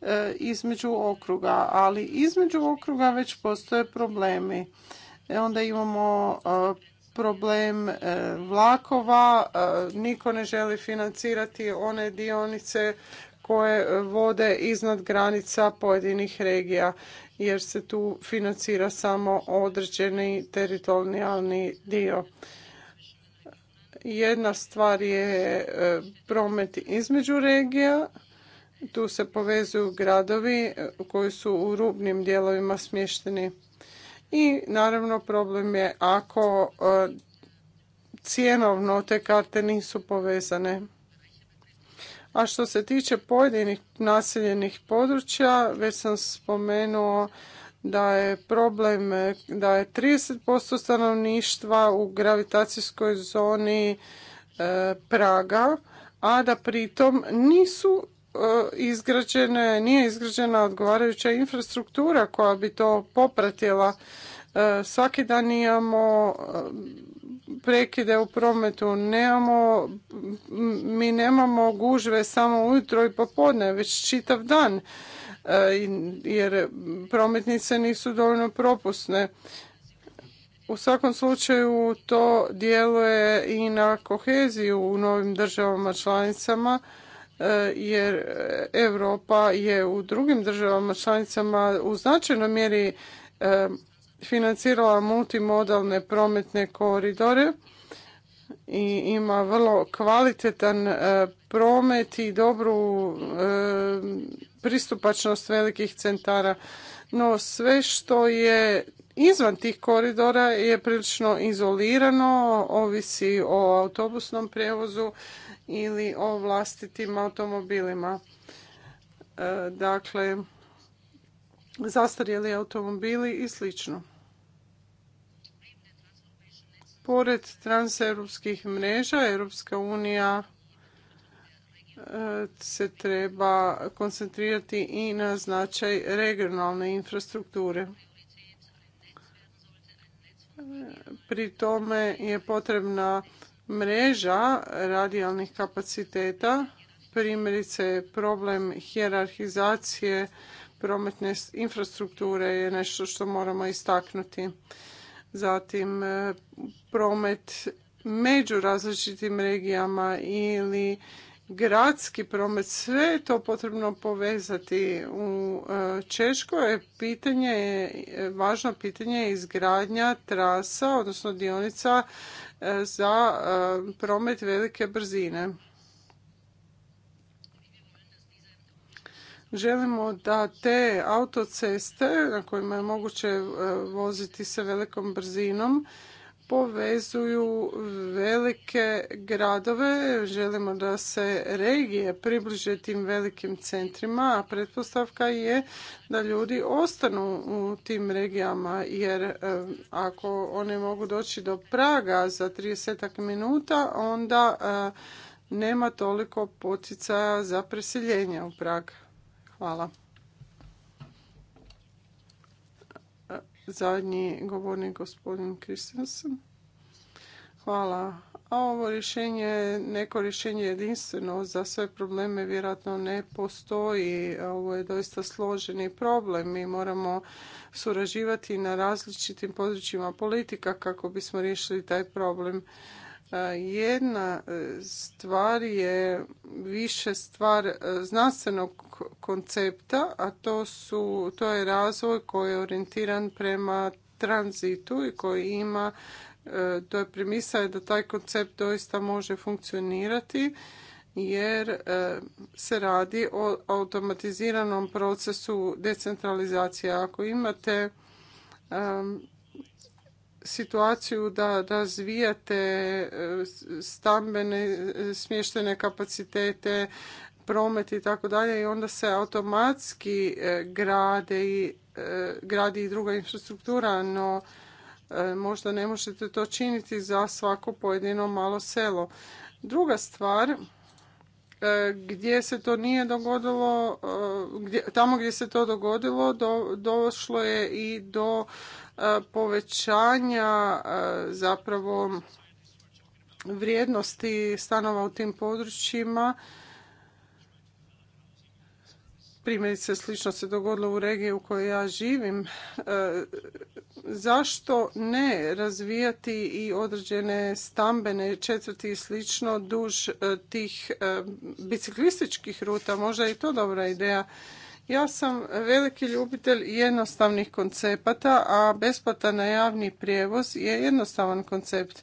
e, između okruga, ali između okruga već postoje problemi E, onda imamo e, problem e, vlakova, niko ne želi financirati one dionice koje vode iznad granica pojedinih regija jer se tu financira samo određeni teritorijalni dio. Jedna stvar je promet između regija, tu se povezuju gradovi koji su u rubnim dijelovima smješteni i naravno problem je ako e, cijenovno te karte nisu povezane. A što se tiče pojedinih naseljenih područja, već sam spomenuo da je problem da je 30% stanovništva u gravitacijskoj zoni e, praga, a da pritom nisu E, izgrađene, nije izgrađena odgovarajuća infrastruktura koja bi to popratila. E, svaki dan imamo e, prekide u prometu, nemamo, mi nemamo gužve samo ujutro i popodne, već čitav dan, jer prometnice nisu dovoljno propusne. U svakom slučaju to djeluje i na koheziju u novim državama članicama, E, jer e, Europa je u drugim državama članicama u značajnoj mjeri e, financirala multimodalne prometne koridore i ima vrlo kvalitetan promet i dobru pristupačnost velikih centara. No sve što je izvan tih koridora je prilično izolirano, ovisi o autobusnom prijevozu ili o vlastitim automobilima. E, dakle, zastarjeli automobili i slično. Pored transeuropskih mreža, Europska unija e, se treba koncentrirati i na značaj regionalne infrastrukture. Pri tome je potrebna mreža radijalnih kapaciteta, primjerice problem hjerarhizacije prometne infrastrukture je nešto što moramo istaknuti. Zatim e, promet među različitim regijama ili gradski promet, sve je to potrebno povezati. U e, Češko je pitanje, e, važno pitanje izgradnja trasa, odnosno dionica za e, promet velike brzine. Želimo da te autoceste na kojima je moguće e, voziti se velikom brzinom povezuju velike gradove, želimo da se regije približe tim velikim centrima, a pretpostavka je da ljudi ostanu u tim regijama, jer e, ako one mogu doći do Praga za 30 minuta, onda e, nema toliko poticaja za preseljenje u Prag. Hvala. zadnji govornik gospodin Kristensen. Hvala. A ovo rješenje, neko rješenje jedinstveno za sve probleme vjerojatno ne postoji. Ovo je doista složeni problem. Mi moramo surađivati na različitim područjima politika kako bismo riješili taj problem. Jedna e, stvar je više stvar e, znanstvenog koncepta, a to, su, to je razvoj koji je orijentiran prema tranzitu i koji ima, e, to je premisa da taj koncept doista može funkcionirati jer se radi o automatiziranom procesu decentralizacije. Ako imate situaciju da razvijate e, stambene e, smještene kapacitete, promet i tako dalje i onda se automatski e, grade i gradi i druga infrastruktura, no možda ne možete to činiti za svako pojedino malo selo. Druga stvar E, gdje se to nije dogodilo, e, tamo gdje se to dogodilo došlo je i do e, povećanja zapravo vrijednosti stanova u tim područjima primjerice slično se dogodilo u regiji u kojoj ja živim, e, zašto ne razvijati i određene stambene četvrti i slično duž e, tih e, biciklističkih ruta, možda je i to dobra ideja. Ja sam veliki ljubitelj jednostavnih koncepata, a besplatan javni prijevoz je jednostavan koncept.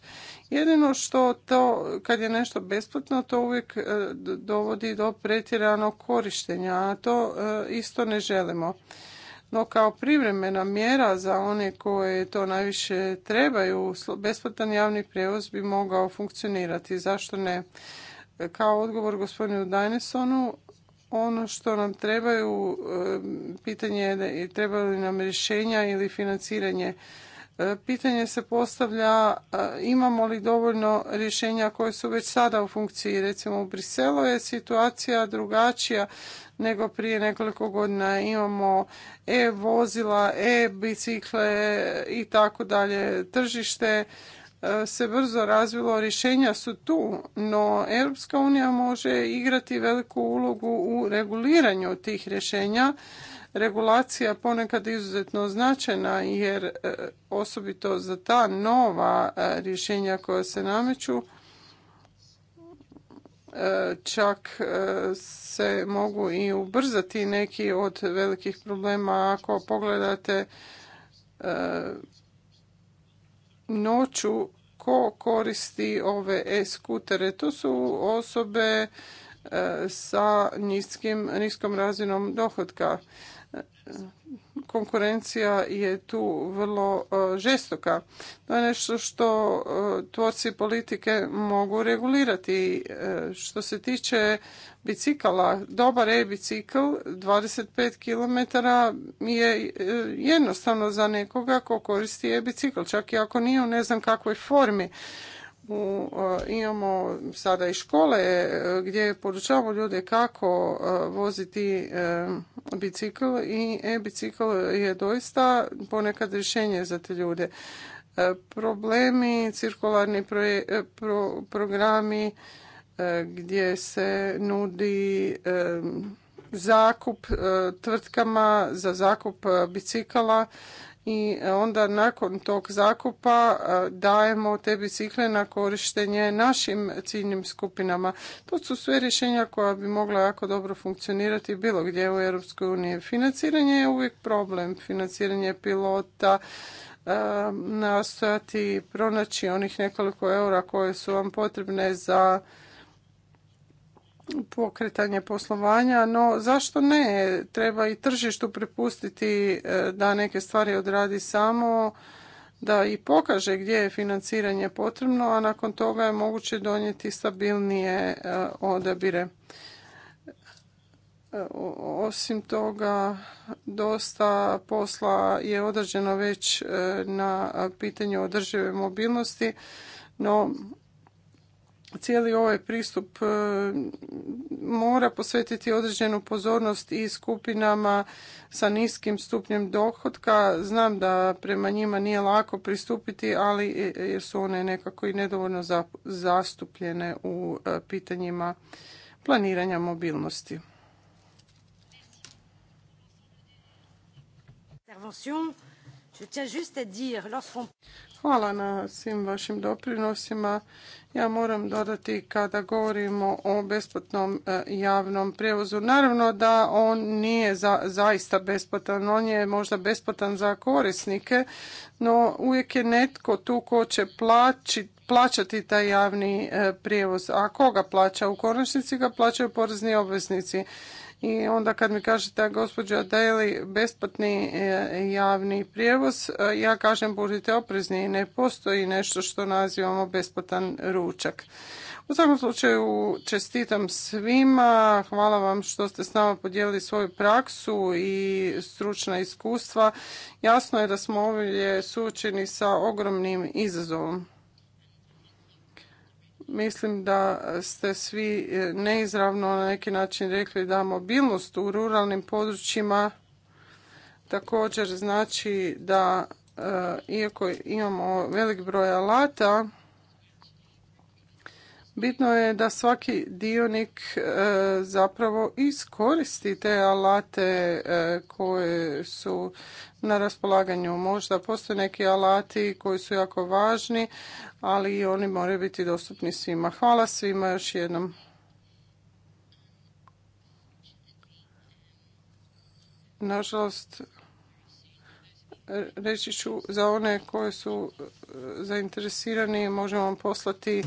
Jedino što to, kad je nešto besplatno, to uvijek e, dovodi do pretjeranog korištenja, a to e, isto ne želimo. No kao privremena mjera za one koje to najviše trebaju, besplatan javni prijevoz bi mogao funkcionirati. Zašto ne? E, kao odgovor gospodinu Dinesonu, ono što nam trebaju, pitanje je trebaju li nam rješenja ili financiranje E, pitanje se postavlja e, imamo li dovoljno rješenja koje su već sada u funkciji. Recimo u Briselu je situacija drugačija nego prije nekoliko godina. Imamo e-vozila, e-bicikle i tako dalje. Tržište e, se brzo razvilo, rješenja su tu, no Europska unija može igrati veliku ulogu u reguliranju tih rješenja regulacija ponekad izuzetno značajna jer e, osobito za ta nova e, rješenja koja se nameću e, čak se mogu i ubrzati neki od velikih problema ako pogledate noću ko koristi ove e-skutere. To su osobe sa niskom razinom dohotka konkurencija je tu vrlo e, žestoka. To je nešto što e, tvorci politike mogu regulirati. E, što se tiče bicikala, dobar e-bicikl 25 km je jednostavno za nekoga ko koristi e-bicikl, čak i ako nije u ne znam kakvoj formi u, e, imamo sada i škole e, gdje podučavamo ljude kako e, voziti bicikl i e-bicikl je doista ponekad rješenje za te ljude. Problemi, cirkularni programi gdje se nudi zakup tvrtkama za zakup bicikala i onda nakon tog zakupa e, dajemo te bicikle na korištenje našim ciljnim skupinama. To su sve rješenja koja bi mogla jako dobro funkcionirati bilo gdje u Europskoj uniji. Financiranje je uvijek problem. Financiranje pilota, e, nastojati pronaći onih nekoliko eura koje su vam potrebne za pokretanje poslovanja, no zašto ne? Treba i tržištu prepustiti e, da neke stvari odradi samo, da i pokaže gdje je financiranje potrebno, a nakon toga je moguće donijeti stabilnije e, odabire. E, osim toga, dosta posla je odrađeno već na pitanju održive mobilnosti, no cijeli ovaj pristup e, mora posvetiti određenu pozornost i skupinama sa niskim stupnjem dohotka. Znam da prema njima nije lako pristupiti, ali e, jer su one nekako i nedovoljno zastupljene u e, pitanjima planiranja mobilnosti. Hvala na svim vašim doprinosima. Ja moram dodati kada govorimo o besplatnom e, javnom prijevozu. Naravno da on nije zaista besplatan, on je možda besplatan za korisnike, no uvijek je netko tu ko će plaći, plaćati taj javni e, prijevoz. A koga plaća? U konačnici ga plaćaju porezni obveznici. I onda kad mi kažete, gospođo Daily, besplatni e, javni prijevoz, e, ja kažem budite oprezni, ne postoji nešto što nazivamo besplatan ručak. U svakom slučaju čestitam svima, hvala vam što ste s nama podijelili svoju praksu i stručna iskustva. Jasno je da smo ovdje suočeni sa ogromnim izazovom. Mislim da ste svi e, neizravno na neki način rekli da mobilnost u ruralnim područjima također znači da e, iako imamo velik broj alata, bitno je da svaki dionik e, zapravo iskoristi te alate koje su na raspolaganju. Možda postoje neki alati koji su jako važni, ali i oni moraju biti dostupni svima. Hvala svima još jednom. Nažalost, reći ću za one koji su e, zainteresirani možemo vam poslati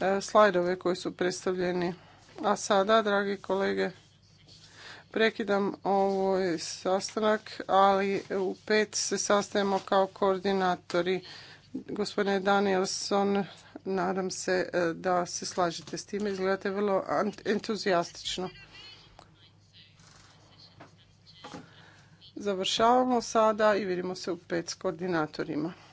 e, slajdove koji su predstavljeni. A sada, dragi kolege, Prekidam ovaj sastanak, ali u pet se sastajemo kao koordinatori. Gospodine Danielson, nadam se e, da se slažete s time. Izgledate vrlo entuzijastično. Završavamo sada i vidimo se u pet s koordinatorima.